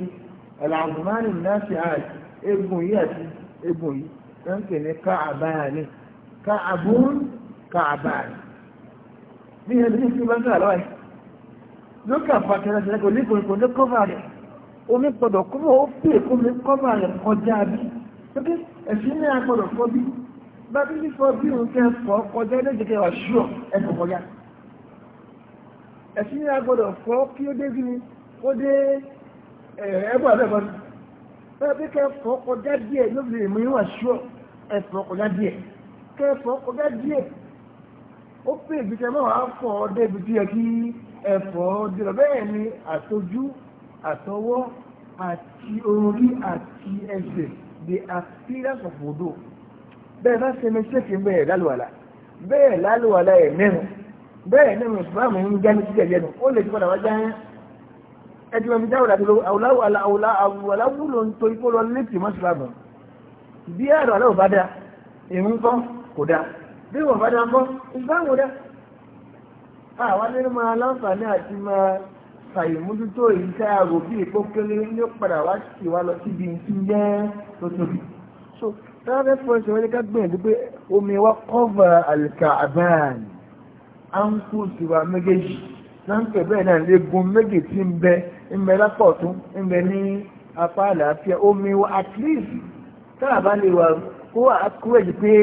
Speaker 1: alàgùnmánì náà ṣe àrẹ egun yìí àti egun yìí wọ́n ń pè ní káàbáyà ní káàbùn káàbáyà bí ẹni ní ìfúnbá ń gbà lọ́wọ́ ẹ̀ lókè àfàkẹ́rẹ́ ṣẹlẹ̀ kò ní kò ní kò ní kọ́fà rẹ̀ omi gbọ́dọ̀ kúrò ó pè kó mi kọ́fà rẹ̀ kọjá bí pé ẹ̀sìn ní agbọ́dọ̀ fọ́ bí bá bí ní fọ́ bí òun kẹ́ fọ́ kọjá ilé ìjẹ́kẹ́ wà ṣúọ̀ ẹ̀kọ́ kọjá ẹ̀sìn ní agbọ́dọ̀ fọ́ kí ó dé gíní ó dé ẹ̀ẹ́gbọ́ àbẹ́kọ́ ni bá bí kẹ́ fọ́ kọjá díẹ̀ lóbìnrin mi wà ṣúọ̀ ẹ̀fọ́ kọjá díẹ̀ ó pè ìbíkẹ́ mọ́ wàá fọ́ ọ débi tí ẹ kí ẹ̀fọ́ dìrọ̀ bẹ́ẹ̀ ni àtọjú àtọwọ́ àti orí àti ẹsẹ̀ the appearance of odo bẹ́ẹ̀ bá ṣe mistake bẹ́ẹ̀ lálùwàlà bẹ́ẹ̀ lálùwàlà ẹ̀ mẹ́rin bẹ́ẹ̀ nínú ìsìláàmù ń jẹ́ ní títẹ̀ lẹ́nu ó lè jípadà wájá ẹ́ ẹjú ẹmí jáwèé àti àwòláwúlò ń torí kó lọ létí mọ́síláàmù bí àrò aláwò bá dá èmi ń kọ́ kò dáa bí wọ́n bá dáńbọ́ ìgbáwò rẹ̀ àwọn ah, nínú máa láǹfààní àti máa fàyèmójútó èyí tá a rò bí èkó kéré ní ó padà wá sí wa lọ síbi tí ń jẹ́ tó tóbi. so tẹ́lẹ̀ fún ẹsẹ̀ wọlé ká gbìyànjú pé omi wa kọ́va alkaaban áńkù tiwa méjèèjì láǹkẹ̀ bẹ́ẹ̀ náà léegun méjì tí ń bẹ ń bẹ lápá ọ̀tún ń bẹ ní apá àlàáfíà omi wa at least tá bá lè wà ó wà accurate pé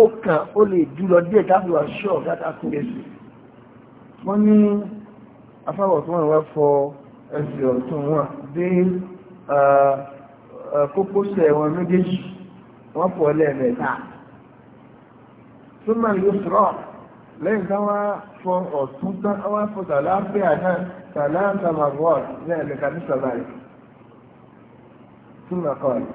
Speaker 1: ó kàn ó lè jù lọ díẹ̀ tábí wà sure that accuracy wọ́n ní afáwọ̀ tó wọ́n wá fọ ẹsẹ̀ ọ̀tún wọn dé kókósẹ̀ wọn méjèèjì wọ́n pọ̀ lẹ́ẹ̀mẹ́ta súnmọ́ ìlú sọ̀rọ̀ lẹ́yìn táwọn fọ ọ̀tún tán àwọn fọ tàlàáfíà náà tàlàáfíà màgbọ́ọ̀d lẹ́ẹ̀mẹ́ta ní sọ̀rọ̀ rẹ̀ súnmọ́ kọ́ọ̀lù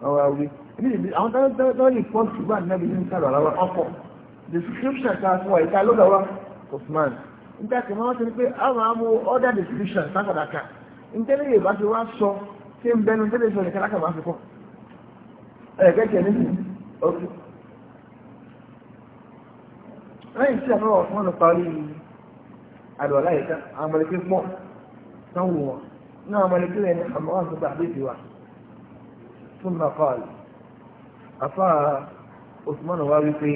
Speaker 1: wọ́n wá wí àwọn tọ́lọ́lì pọ́ ṣùgbọ́n ànábì ní sàrọ̀ àlọ́wọ́ ọkọ̀ description ta fún wa ìta lọ́dọ̀ wa Osman níta tí wọ́n ti ní pé àwọn amú order description sákàdàkà nítorí ìbá ti wá sọ tí ń bẹnu tẹ́lẹ̀ sọ nìkan lákàmá fi kọ́ ẹ̀ẹ́dẹ́ kẹ́ ní ọ̀kú. lẹ́yìn tí àwọn ọ̀sán ló parí àdùn aláìka àwọn mọ̀lẹ́kí pọ̀ sanwó wọn náà mọ̀lẹ́kí rẹ̀ ní àmọ́ àtúgbà àbẹ́tì wa tún náà kọ́ àlè afá osùmọ́nù wá wípé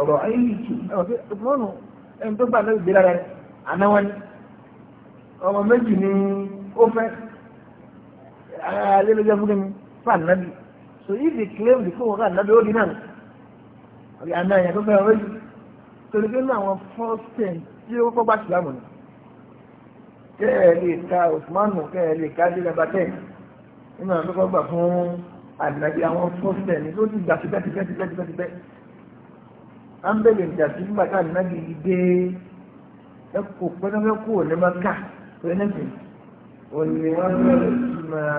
Speaker 1: ọ̀rọ̀ ayélujú ẹ̀wọ̀n osùmọ́nù ẹni tó gbà náà gbé lára anáwọ́ ni ọmọ méjì ni ó fẹ́ alélujá fún mi fún ànábì so if they claim the phone wọn ànábì ó di náà àbí àná ìyàtọ̀ fẹ́ ọ̀rọ̀ yìí torí pé náà àwọn first ten tí ó fọ́gbà sílámù ni kẹ́ẹ̀ lè ka osùmọ́nù kẹ́ẹ̀ lè ka dé nàbàtẹ́ nínú àwọn tó kọ́ gbà fún ànàbí àwọn fọ́sẹ̀ ní ló ti gbà sí bẹ́ẹ̀ bẹ́ẹ̀ bẹ́ẹ̀ bẹ́ẹ̀ bẹ́ẹ̀ à ń bẹ̀rẹ̀ ìjà sí nígbà tá ànàbí yìí dé ẹkọ pẹ́ẹ́nẹ́fẹ́ kú òní máa kà pẹ́ẹ́nẹ́fì òní wọ́n bẹ̀rẹ̀ sí máa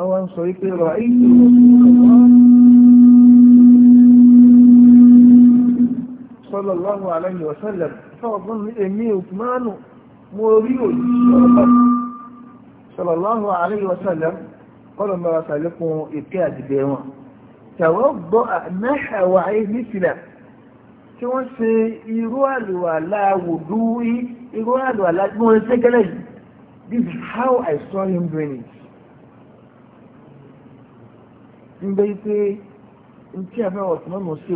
Speaker 1: àwọn ń sọ wípé rọ̀ ayé ìlú sallallahu alaihi wasallam fọ́ọ̀gbọ́n èmi ò máa nù mo rí òjíṣẹ́ ọlọ́pàá alaihi wasallam kọ́lọ̀ mẹ́ra sàlékún èké àdìgbẹ́ wọn tàwọn gbọ́ àmẹ́hàwà ìmísìlẹ̀ tí wọ́n ṣe irú àlùwàlá wùdú irú àlùwàlá tí wọ́n ṣe this is how I saw him doing it. ń bẹ́ pé n tí a fẹ́ wọ̀ tí wọ́n mọ̀ sí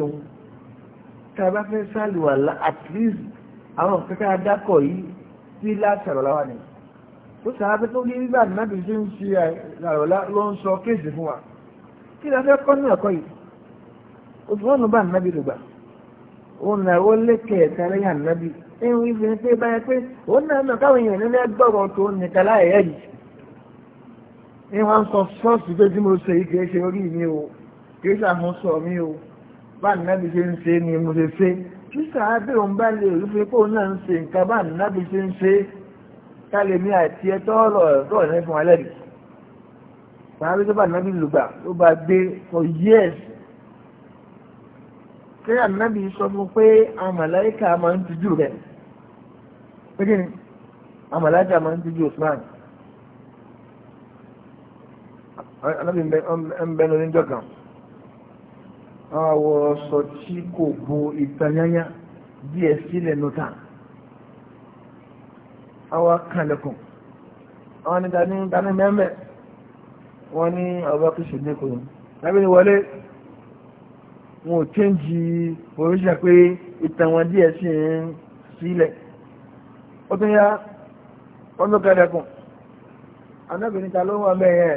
Speaker 1: sílá ṣàrọ̀láwà ni ó sàábẹ́ tó ní nígbà náàbì tí ń fi àrọ̀lá ló ń sọ kéèsì fún wa kí ni a fẹ́ kọ́ ní ẹ̀kọ́ yìí òṣùwọ́n bá náàbì lògbà òun náà ó lékè ẹ̀ka lẹ́yìn náàbì ẹ̀hún ìfẹ́ pé báyẹn pé òun náà náà káwọn èèyàn nínú ẹgbọ̀rọ̀ tó nìkà láyẹ̀ yìí ni wọ́n sọ sọ́ọ̀sì pé tí mo ṣe yìí kìí ṣe orí mi o kìí ṣàmúṣọ mi o bá náàbì ṣe ń ṣe ni mo ṣe ṣe tí sàábì òun bá lè rí pé kóun náà ń ṣe nǹkan bá nàbí ṣe ń ṣe kálẹ̀ ní àti ẹ̀tọ́ ọ̀rọ̀ ẹ̀rọ ní fún alẹ́rì sàábì tó bá nàbí lùgbà tó bá gbé for years kí ànábì sọ fún pé àwọn màláìkà máa ń tijú rẹ̀ pé kí ni àwọn màláìkà máa ń tijú Usman ànábì ń bẹnu oníjọ kan àwọ̀ ọ̀sọ̀ tí kò bo ìtanyányá díẹ̀ sílẹ̀ nùta àwọn kanlẹ̀kùn àwọn ni dání mẹ́mẹ́ wọ́n ní ọba kìsì ní kòrò lábẹ́ ni wọlé wọn ò tẹ́ǹjì oríṣà pé ìtàn wọn díẹ̀ sí ń sílẹ̀ ó tún yá wọ́n tó kanlẹ̀kùn anábìnrin ta ló wà mẹ́yẹ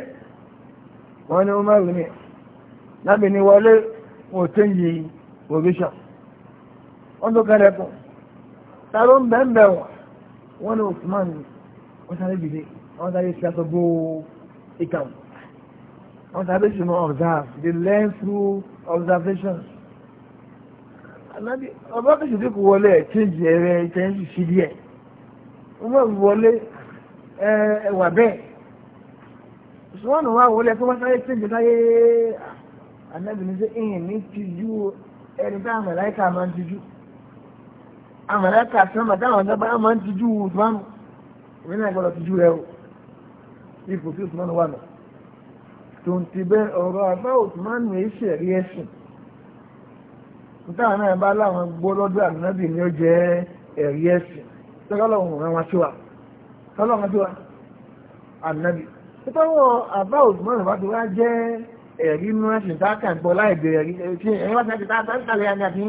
Speaker 1: wọ́n ní ó má rìn ní lábẹ́ wọlé wọ́n change position wọ́n tó kẹ́rẹ́ pọ̀ ta ló ń bẹ̀ẹ̀bẹ̀ wọ̀ wọ́n ní Usman wọ́n sáré dìde wọ́n sáré sí aṣọ bó ìkàwọ̀ wọ́n sáré sí mọ́ observe they learn through observation ọba tó ṣe dínkù wọlé ẹ̀ change ẹ̀rẹ́ ìtẹ́yìn sí díẹ̀ wọ́n mọ̀ wọlé ẹ̀wà bẹ́ẹ̀ ṣùgbọ́n wà wọlé fún wọ́n sáré change láyé anábì ní sẹ́ ìyìn ní tijú ẹni tá àmàláìkà máa ń tijú àmàláìkà sọ́mà táwọn ọ̀dọ́bà máa ń tijú Usman òun náà gbọ́dọ̀ tijú rẹ o ipò tí Usman wà nà tó ń ti bẹ́ ọ̀rọ̀ àbá Usman èyí ṣẹ̀rí ẹ̀sìn nítawọn náà bá láwọn gbọ́ lọ́dọ̀ ànábì ni ó jẹ́ ẹ̀rí ẹ̀sìn tọ́lọ́ wọn wá sí wa tọ́lọ́ wọn sí wa ànábì tọ́wọ́ àbá Usman bá ti wá jẹ́ ẹ̀rí mú ẹ̀sìn táàkà gbọ́ láì bèèrè rí tí ẹ̀yìn wá sẹ́ẹ̀tì táàkà ń kàlẹ́ àti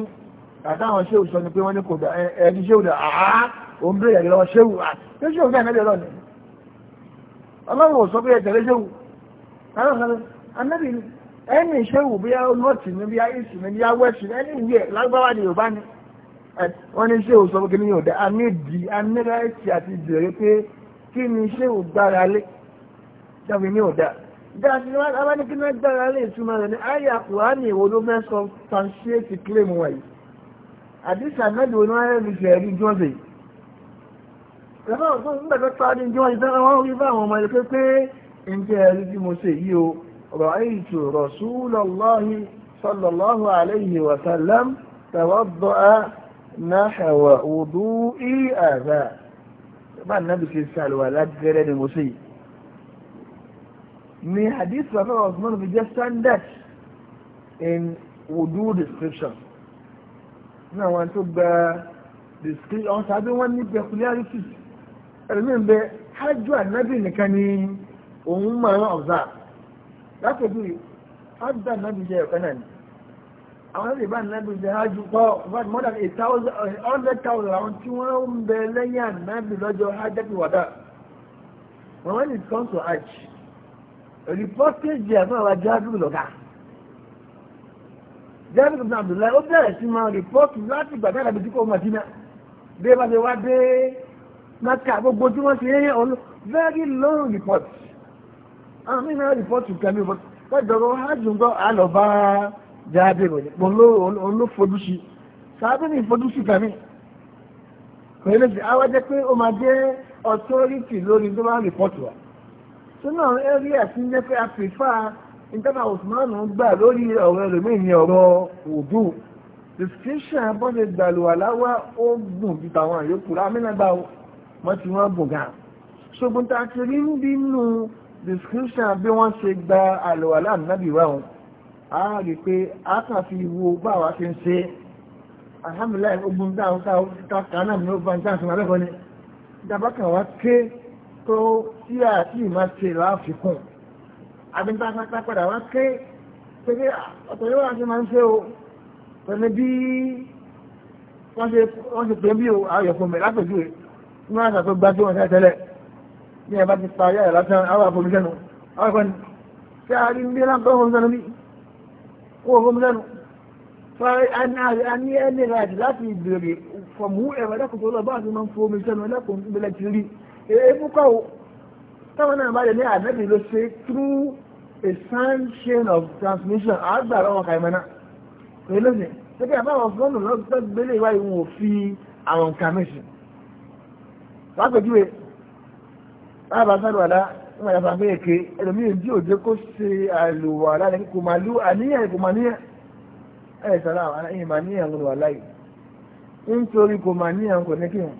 Speaker 1: àtàwọn ṣéwù sọ ni pé wọ́n ní kò dá ẹ̀rí ṣéwù dá àá òun bèèrè rí lọ ṣéwù àti ṣéwù náà mẹ́lẹ̀ lọ́nà ọlọ́run ò sọ pé ẹ̀tẹ̀lé ṣéwù anábì ẹni ṣéwù bí á lọ́ọ̀tì ní bí á ìsì ní bí á wẹ́ẹ̀sì ẹni ìwé lágbáwá ni yorùbá ni wọ́n ní ṣéwù sọ pé kí ni yóò dá amédì amẹ́ráìtì àti ìbèrè pé kí ni ṣéwù gbára lé ṣáfi yóò dá dáàtì ni wọ́n ní kí wọ́n dára lè túmọ̀ rẹ̀ ní àyà kùránì ìwò ló mẹ́sàn pàṣẹ́tì claim wà yìí àdìsà mẹ́lì wọn wọ́n rẹ̀ lùsẹ̀ rí jọ́sẹ̀ lọ́wọ́ tó ń gbẹ̀dọ̀ parí jọ́ ìtàn mo ṣe yí رسول الله صلى الله عليه وسلم توضأ نحو وضوء أبا ما النبي صلى الله عليه وسلم ni hadith rafa osman fi jẹ́ standard in wudu description ní àwọn tó gba description ọ̀sán àbí wọ́n ní peculiarities ẹ̀rọ̀mí ń bẹ hajj anabi nìkan ni òun máa ń observe látọ̀bí hajj anabi jẹ́ ọ̀kan náà ni àwọn ẹ̀rọ ìbá anabi jẹ́ hajj pọ̀ more than a thousand a hundred thousand àwọn tí wọ́n ń bẹ lẹ́yìn anabi lọ́jọ́ hajj wàdà when it comes to hajj rìpọ́tẹ́jì ẹ̀fọ́n wa jábìrì lọ́gà jábìrì náà Abdullahi ó bẹ̀rẹ̀ sí máa rìpọ́tù láti gbàgbé àdàbí tí kò mọ̀ sí náà bí wọ́n ṣe wá dé maka gbogbo tí wọ́n ṣe yẹ́ ọ̀nà very long report àwọn mìíràn report kẹ́mi but lọ́dọ̀rọ̀ ájùngọ́ àlọ́bá jábìrì olófojúsí sábìrì ìfojúsí kẹ́mi pẹ̀lú àwọn jẹ́ pé ó máa jẹ́ authority lórí tó máa rìpọ́tù wa sínú àwọn ẹ́ríà tí ń jẹ́ pé a prefer ìjọba Usman gbà lórí ọ̀rọ̀ ẹlòmíì ní ọ̀rọ̀ òdù description bọ́dẹ̀ gbàlùwà láwá ó gùn ju tàwọn àyókù lámínàgbà wọ́n ti wọ́n gùn gan ṣogun ta ti rí nínú description bí wọ́n ṣe gba àlùwà láàmúnábì wa wọn a rí pé a kàn fi wo báwa ṣe ń ṣe alhamdulilayi ogun dáhùn ká kanáà ní ó bá ń dáhùn sí wọn abẹ́kọ̀ọ́ ni ìjàmbá kan wá ké tó tí àti ìmáṣe láàfikún abíntápátá padà wá ké pé ah, ọ̀tọ̀ yóò wá sí máa ń ṣe o pẹ̀lú bí wọ́n ṣe pé bí ayọ̀ fún mi lápẹ̀júwe ní wọ́n àṣà tó gbá tí wọ́n ṣe tẹ́lẹ̀ ní ẹ̀bá ti pa ayé àyàlásán àwọn àfọmíṣẹ́nu àwọn ìfẹ́ni tí a rí ní lápẹ́ òfòmíṣẹ́nu bí ó òfòmíṣẹ́nu a ní ẹni láti láti ìbèrè fọ̀mù ẹ̀rọ ẹlẹ́kùn tó èébú kọ́ o táwọn náà bá lè ní ànábì ló ṣe through a sound chain of transmission àgbà lọ́wọ́ kàìmọ́ náà èyí ló ṣe gẹ́gẹ́ àbáwọn fọ́ọ̀nù lọ́gbẹ́ gbélé ìwà ìwọ̀n òfin àwọn nǹkan mẹ́sìn lápẹ̀júwe láàbà sálùwàlá nígbà yàtọ̀ àgbẹ̀ èké ẹlòmíràn tí òde kó ṣe àlùwàlá ní kò máa lú àníyàn kò máa níyàn ẹ̀ sọ́lá àwọn àníyàn máa níyàn lọ́wọ́ láyé nítorí kò máa níyàn kò ní kí wọn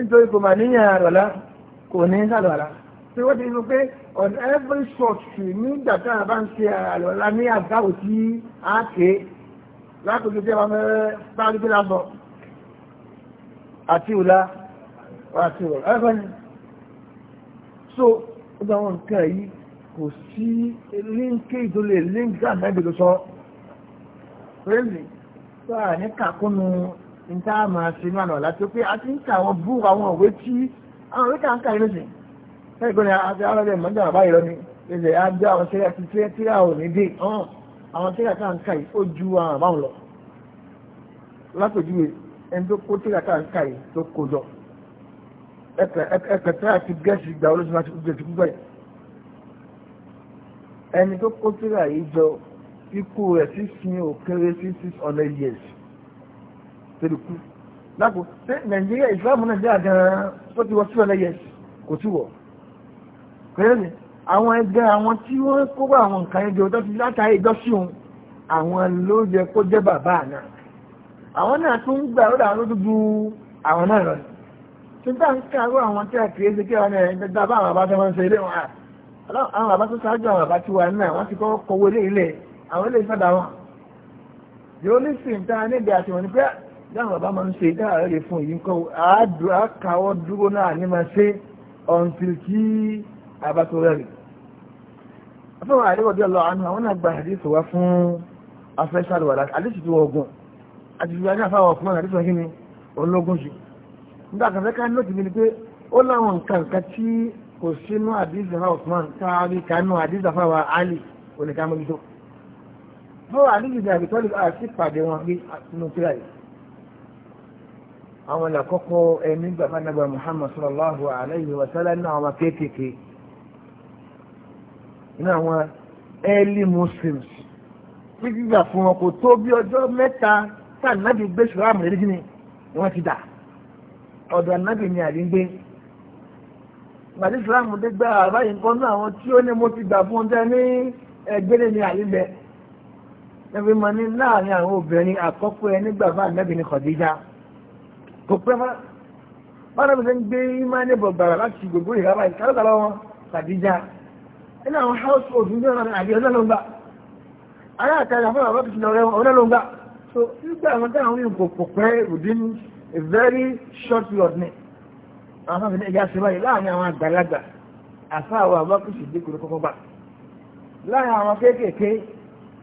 Speaker 1: nítorí kò mà níyàn àrọ̀lá kò ní sàlọ̀lá tí wọ́n ti sọ pé on every short nígbà tá a bá ń ṣe àrọ̀lá ní àgbáwò tí a ké látòkè tí a bá fẹ́ bá rí bílá bọ̀ àti òlá àti òlá ẹgbẹ́ ni so ó bá wọn nǹkan yìí kò sí líńkì ìdólè líńkì àmẹ́bì ló sọ rẹ́lì tó à ní ń tá máa ṣe máa nà ọ̀la pé a ti ń ka àwọn búrú àwọn òwe tí àwọn òwe tà ń ka yìí lóṣè fẹ́ẹ̀ gbọ́dọ̀ àti arábẹ̀ mọ́jà bàbá ni ẹ̀sẹ̀ á gbé àwọn sẹ́yà ti tíra ò ní dé hàn àwọn sẹ́yà tá ń ka yìí ó ju àwọn àbáwọn lọ lápèjúwe ẹni tó kó tíra tá ń ka yìí tó kó jọ ẹ̀kẹ̀tẹ̀ àti gẹ̀ẹ́sì gbà olóṣèlú àti gẹ̀ẹ́sì gbúgbẹ̀ ẹni tó kó tíra yìí jọ ikú rẹ̀ sí tẹ́lẹ̀ kú lápò ṣé nàìjíríà ìsìláàmù nàìjíríà gan-an tó ti wọ sí ọlẹ́yẹ kò tí wọ̀ pẹ̀lú ni àwọn ẹgbẹ́ àwọn tí wọ́n kó bá àwọn nǹkan ẹjọ́ tó ti látàrí ìjọsìn òun àwọn ló yẹ kó jẹ́ bàbá náà àwọn náà tún ń gbà lọ́dọ̀ àwọn dúdú àwọn náà lọ tí bá ń kàró àwọn tí a kìí ṣe kí àwọn ẹ̀yìn gbẹgbẹ́ bá àwọn àbá tó máa ń ṣe ilé wọn àwọn àbá ṣáájú àwọn àbá tí náà wọ́n ti kọ́ kọ́wé ilé ilé àwọn ilé ìfẹ́dà wọn yóò lè sìn tá níbi àtiwọn ni pé dáhùn bàbá máa ń ṣe dáhà rẹ̀ fún èyí nǹkan àádùá káwọ́ dúró náà ní máa ṣe ọ̀ntil kí abatowẹ́ rẹ̀ afẹ́wọ̀n àríwọ̀ bí ọlọ́wọ́ àánú àwọn àgbà àdéṣù wá fún afẹ́ṣàlù wàdà àdéṣù tó ọgùn àdéṣù wá ní afáwọ̀ ọkùnrin àdéṣù wá kí ni ológun jù nígbà kan fẹ́ ká ní lókè mi ni pé ó láwọn nǹkan nǹkan tí kò sínú àdéṣù wá ọkùnrin káàrí àti pàdé wọn rí nù kíláyìí àwọn làkọ́kọ́ ẹni gbàgbà nàgbà Muhammad sallallahu alayhi wa sallam náà àwọn kéékèèké ní àwọn early muslims gbígbà fún wọn kò tó bí ọjọ́ mẹ́ta tá ànábì gbé ṣùgbọ́n àmì lẹ́dí ni wọ́n ti dà ọ̀dọ̀ ànábì ni àdíngbé gbàdí ìsìláàmù dé gbà báyìí nǹkan náà àwọn tí ó ní mo ti gbà fún ọjọ́ ní ẹgbẹ́rẹ́ ni àyíbẹ̀ ẹgbẹ́ mọ́ ní láàrin àwọn obìnrin àkọ́kọ́ ẹni gbàgbà ànábì ni Khadija kò pẹ́ mọ́ bára mi ṣe ń gbé imáni bọ̀bàrà láti gbogbo ìhàbá ìkálùkà lọ́wọ́ Khadija nínú àwọn household ní ọ̀nà àbí ọ̀nà ló ń gbà ará àtàrí àfọ́nà àbá kìí lọ́rẹ́ ọ̀nà ló ń gbà so nígbà àwọn tí àwọn ìkò kò pẹ́ within a very short period ní àwọn afẹ́fẹ́ ní ẹja síwáyé láàrin àwọn àgbàlagbà àfáàwọ̀ àbá kìí dé kúrò kọ́kọ́ gbà láàrin àwọn kéékèèké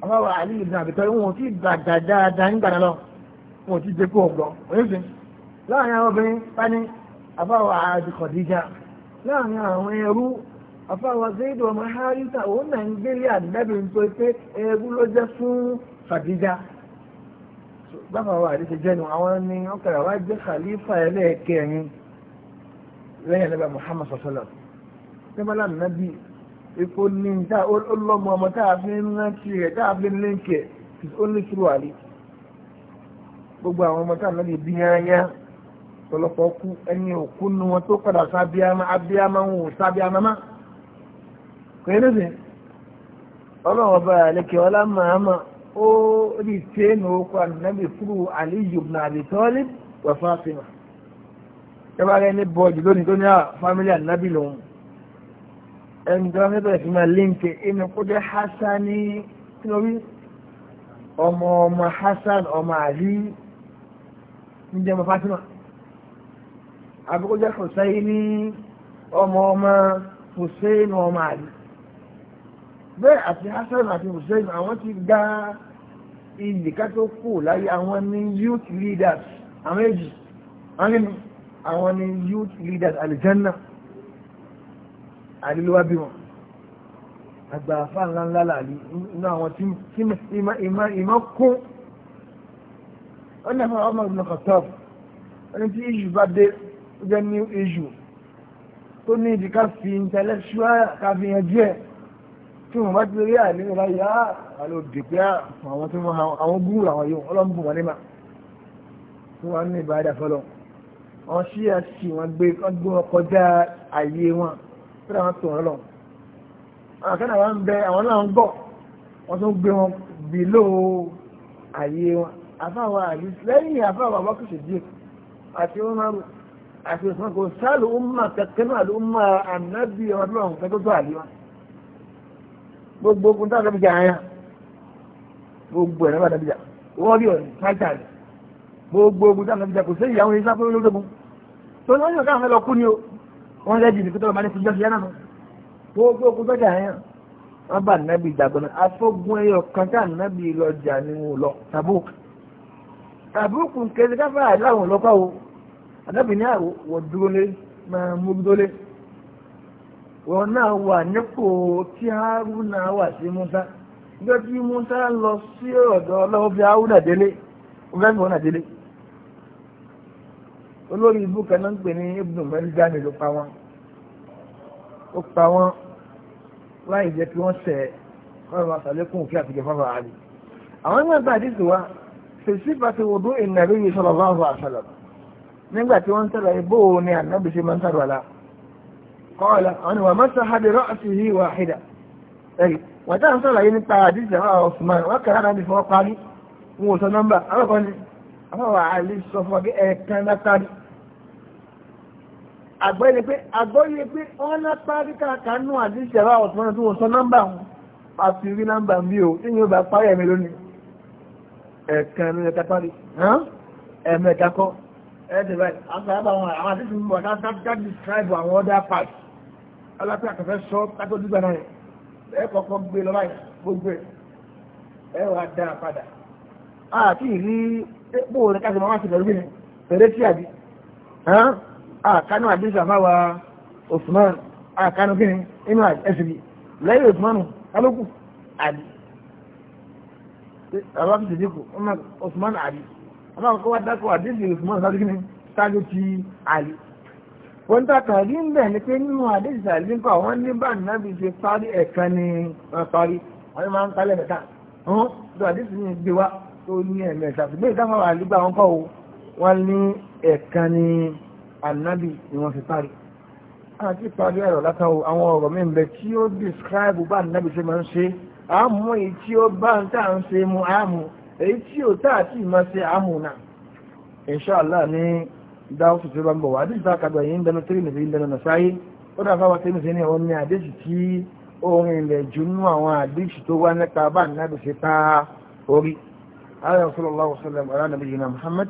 Speaker 1: àbáwọ̀ àlè ìdùnnà àbìtọ́ wọn ò tí gbàgbà dáadáa nígbà náà lọ wọn ò tí dé kó ọgbọ́n láàrin àwọn obìnrin tani àfáwà àti Khadija láàrin àwọn ẹrú àfáwà Zaid ọmọ Haritha òun náà ń gbélé àdínábì ń tó pé ẹrú ló jẹ́ fún Khadija báfáwà àti ṣe jẹ́nu àwọn ni wọ́n kàrà wá jẹ́ khalifa ẹlẹ́ẹ̀kẹrin lẹ́yìn ànábì Muhammad sọ̀sọ́lọ̀ nígbàlá nàbí epo ní ta ọlọ́mọ ọmọ tá a fi ń rántí rẹ̀ tá a fi ń léǹkì ẹ̀ is only through gbogbo àwọn ọmọ tá a lọ́ọ́ bí yányá tọlọpọ̀ kú ẹni òkú nu wọn tó padà sábíàmá abíàmá ń wò sábíàmá má kò yẹ lóṣè ọlọ́run ọba àlekè ọlá màámà ó rí téèmù okó ànábì fúru àlíyù nàbì tọ́lí wà Fátímà ẹ bá rẹ ní bọ́ọ̀dù lónìí tó ní à fámílì ànábì lòun ẹni tó wọn bẹ̀rẹ̀ sí máa léǹkẹ̀ inú kó jẹ́ hasani kí ọmọ ọmọ hasan ọmọ àlí ń jẹ́ ọmọ Fátímà àbíkójẹ́ Hussein ní ọmọ ọmọ Hussein ọmọ àlè bẹ́ẹ̀ àti Hassan àti Hussein àwọn ti gba ilé ká tó kù láyé àwọn ní youth leaders àwọn èjì àwọn ní youth leaders alìjẹ́nà àlélúwà bí wọn àgbà àfáà ńlá ńlá làlí inú àwọn tí ìmọ̀ kún ọ̀nà àwọn ọmọ ìbùnà kọ̀tọ́ọ̀bù ẹni tí ìṣù bá dé jẹ́ new issue tó ní ìdí ká fi intellectual ká fi yanjú ẹ̀ tí wọ́n bá ti rí àìlérè báyìí á ah, àlọ́ dèpé ah, àwọn tí wọ́n àwọn gúrù làwọn yóò ọlọ́run bù wọ́n ní mà fún wa ní ìbáradà fọlọ́ wọn sí àṣì wọn gbé ọgbọ́n kọjá àyè wọn fún àwọn tó wọn lọ àwọn kan náà ń bẹ àwọn náà ń bọ̀ wọ́n tún gbé wọn bì lóo àyè wọn àfáwọn àyè lẹ́yìn àfáwọn àbákùsì díẹ̀ àti wọn máa àti ìsìnkú kò sáàlù ọmọ kẹkẹrù àlùmọ ànábì ọlọ́run kẹtọ́tọ́ àlíwá gbogbo ogun táwọn ẹbí jà áyá gbogbo ẹ̀rọ àdàbí jà wọ́n rí ọ̀rẹ́ kájàlẹ̀ gbogbo ogun táwọn ẹbí jà kò sí ìyàwó ní sáfẹ́ olóṣogbo tó ní wọ́n yóò káwọn lọ kú ni o wọ́n rẹ́ jì ní kótó ọmọ ní fújọ́ fìyà náà gbogbo ogun tó jà áyá wọ́n bá ànábì dàgbọ́n afọ́gun ẹyọ kan ànábì lọ ànábì ní àwọ̀ wọ̀dúró lé máa mú dólé wọn náà wà nípò tí haruna wà sí musa nígbà tí musa lọ sí ọ̀dọ̀ ọlọ́wọ́ fi haruna délé ọgbẹ́ mi wọn náà délé olórí ibú kan náà ń pè ní ibùdó mẹ́rìndínláàmì ló pa wọn ó pa wọn láì jẹ́ kí wọ́n sẹ̀ kọ́rin wọn sàlékún òkè àtijọ́ fáfá àárín àwọn náà bá àdìsí wa fèsì bá ti wọ́dún ìnàrí yìí sallallahu alaihi wasallam nígbà tí wọ́n tẹ́lẹ̀ ibò ní ànábì ṣe máa ń sàrọ̀lá kọ́ọ̀lá àwọn ìwà mọ́sá hadi rọ́ọ̀sì yìí wà hìdà ẹ̀rì wọ́n tẹ́lẹ̀ yìí nípa na àwọn Usman wọ́n kẹ́rẹ́ náà bí parí wọn ò sọ nọ́mbà àwọn kan ní àwọn wà sọ fún ọgẹ́ ẹ̀ẹ̀kan látàrí àgbẹ́ni pé àgbọ́yé pé wọ́n látàrí káàkánú wọ́n ẹ̀ẹ́dẹ̀ báyìí àtàràbà àwọn àwọn àti ìṣòro wà ká describe àwọn other parts alápẹ́ àkàfẹ́ sọ kátó dúgbà náà ẹ̀ kọ́kọ́ gbé lọ báyìí gbogbo ẹ̀ ẹ̀ wà dá padà àti ìrí epo rẹ̀ káṣí máa wá sí lọ rí fẹ̀rẹ̀ tí àbí àkánú àdíṣà máa wa Osman àkánú kí ni inú ẹ̀sìn lẹ́yìn Osman kálókù àbí àwọn àti ìdíkù Osman àbí ọlọ́run kó wá dákọ̀ àdéhùn ìrùsùmọ́ sáájú kíni sáájú ti àlè wọ́n tàkà rí ń bẹ̀ ní pé nínú àdéhùn ìsàlẹ̀ wọ́n ní bá nàbì ṣe parí ẹ̀kan ni wọ́n parí wọ́n máa ń palẹ̀ mẹ́ta ọ̀hún tó àdéhùn ní gbé wá tó ní ẹ̀mẹ́ta ṣùgbọ́n ìdáhùn àwọn àlùgbà wọn kọ́ wọn ní ẹ̀kan ni ànábì ni wọ́n fi parí àti parí ẹ̀rọ látàwọ àwọn ọ̀rọ̀ mi ń bẹ tí ó describe bá ànábì ṣe máa ń ṣe àmú èyí èyí tí ò táà tí ma ṣe àmúna inṣáàlá ní dáwọ́sù tí ó bá ń bọ̀ wá àdéjì tá àkàgbà yìí ń dẹnu tírí nìfi ń dẹnu nàṣáyé ó dà fáwọn tí nìfi ní òun ní àdéjì tí orin ilẹ̀ jù nú àwọn àdéjì tó wá nípa bá nàbì ṣe ta orí ala sallallahu sallam ala nabiyyina muhammad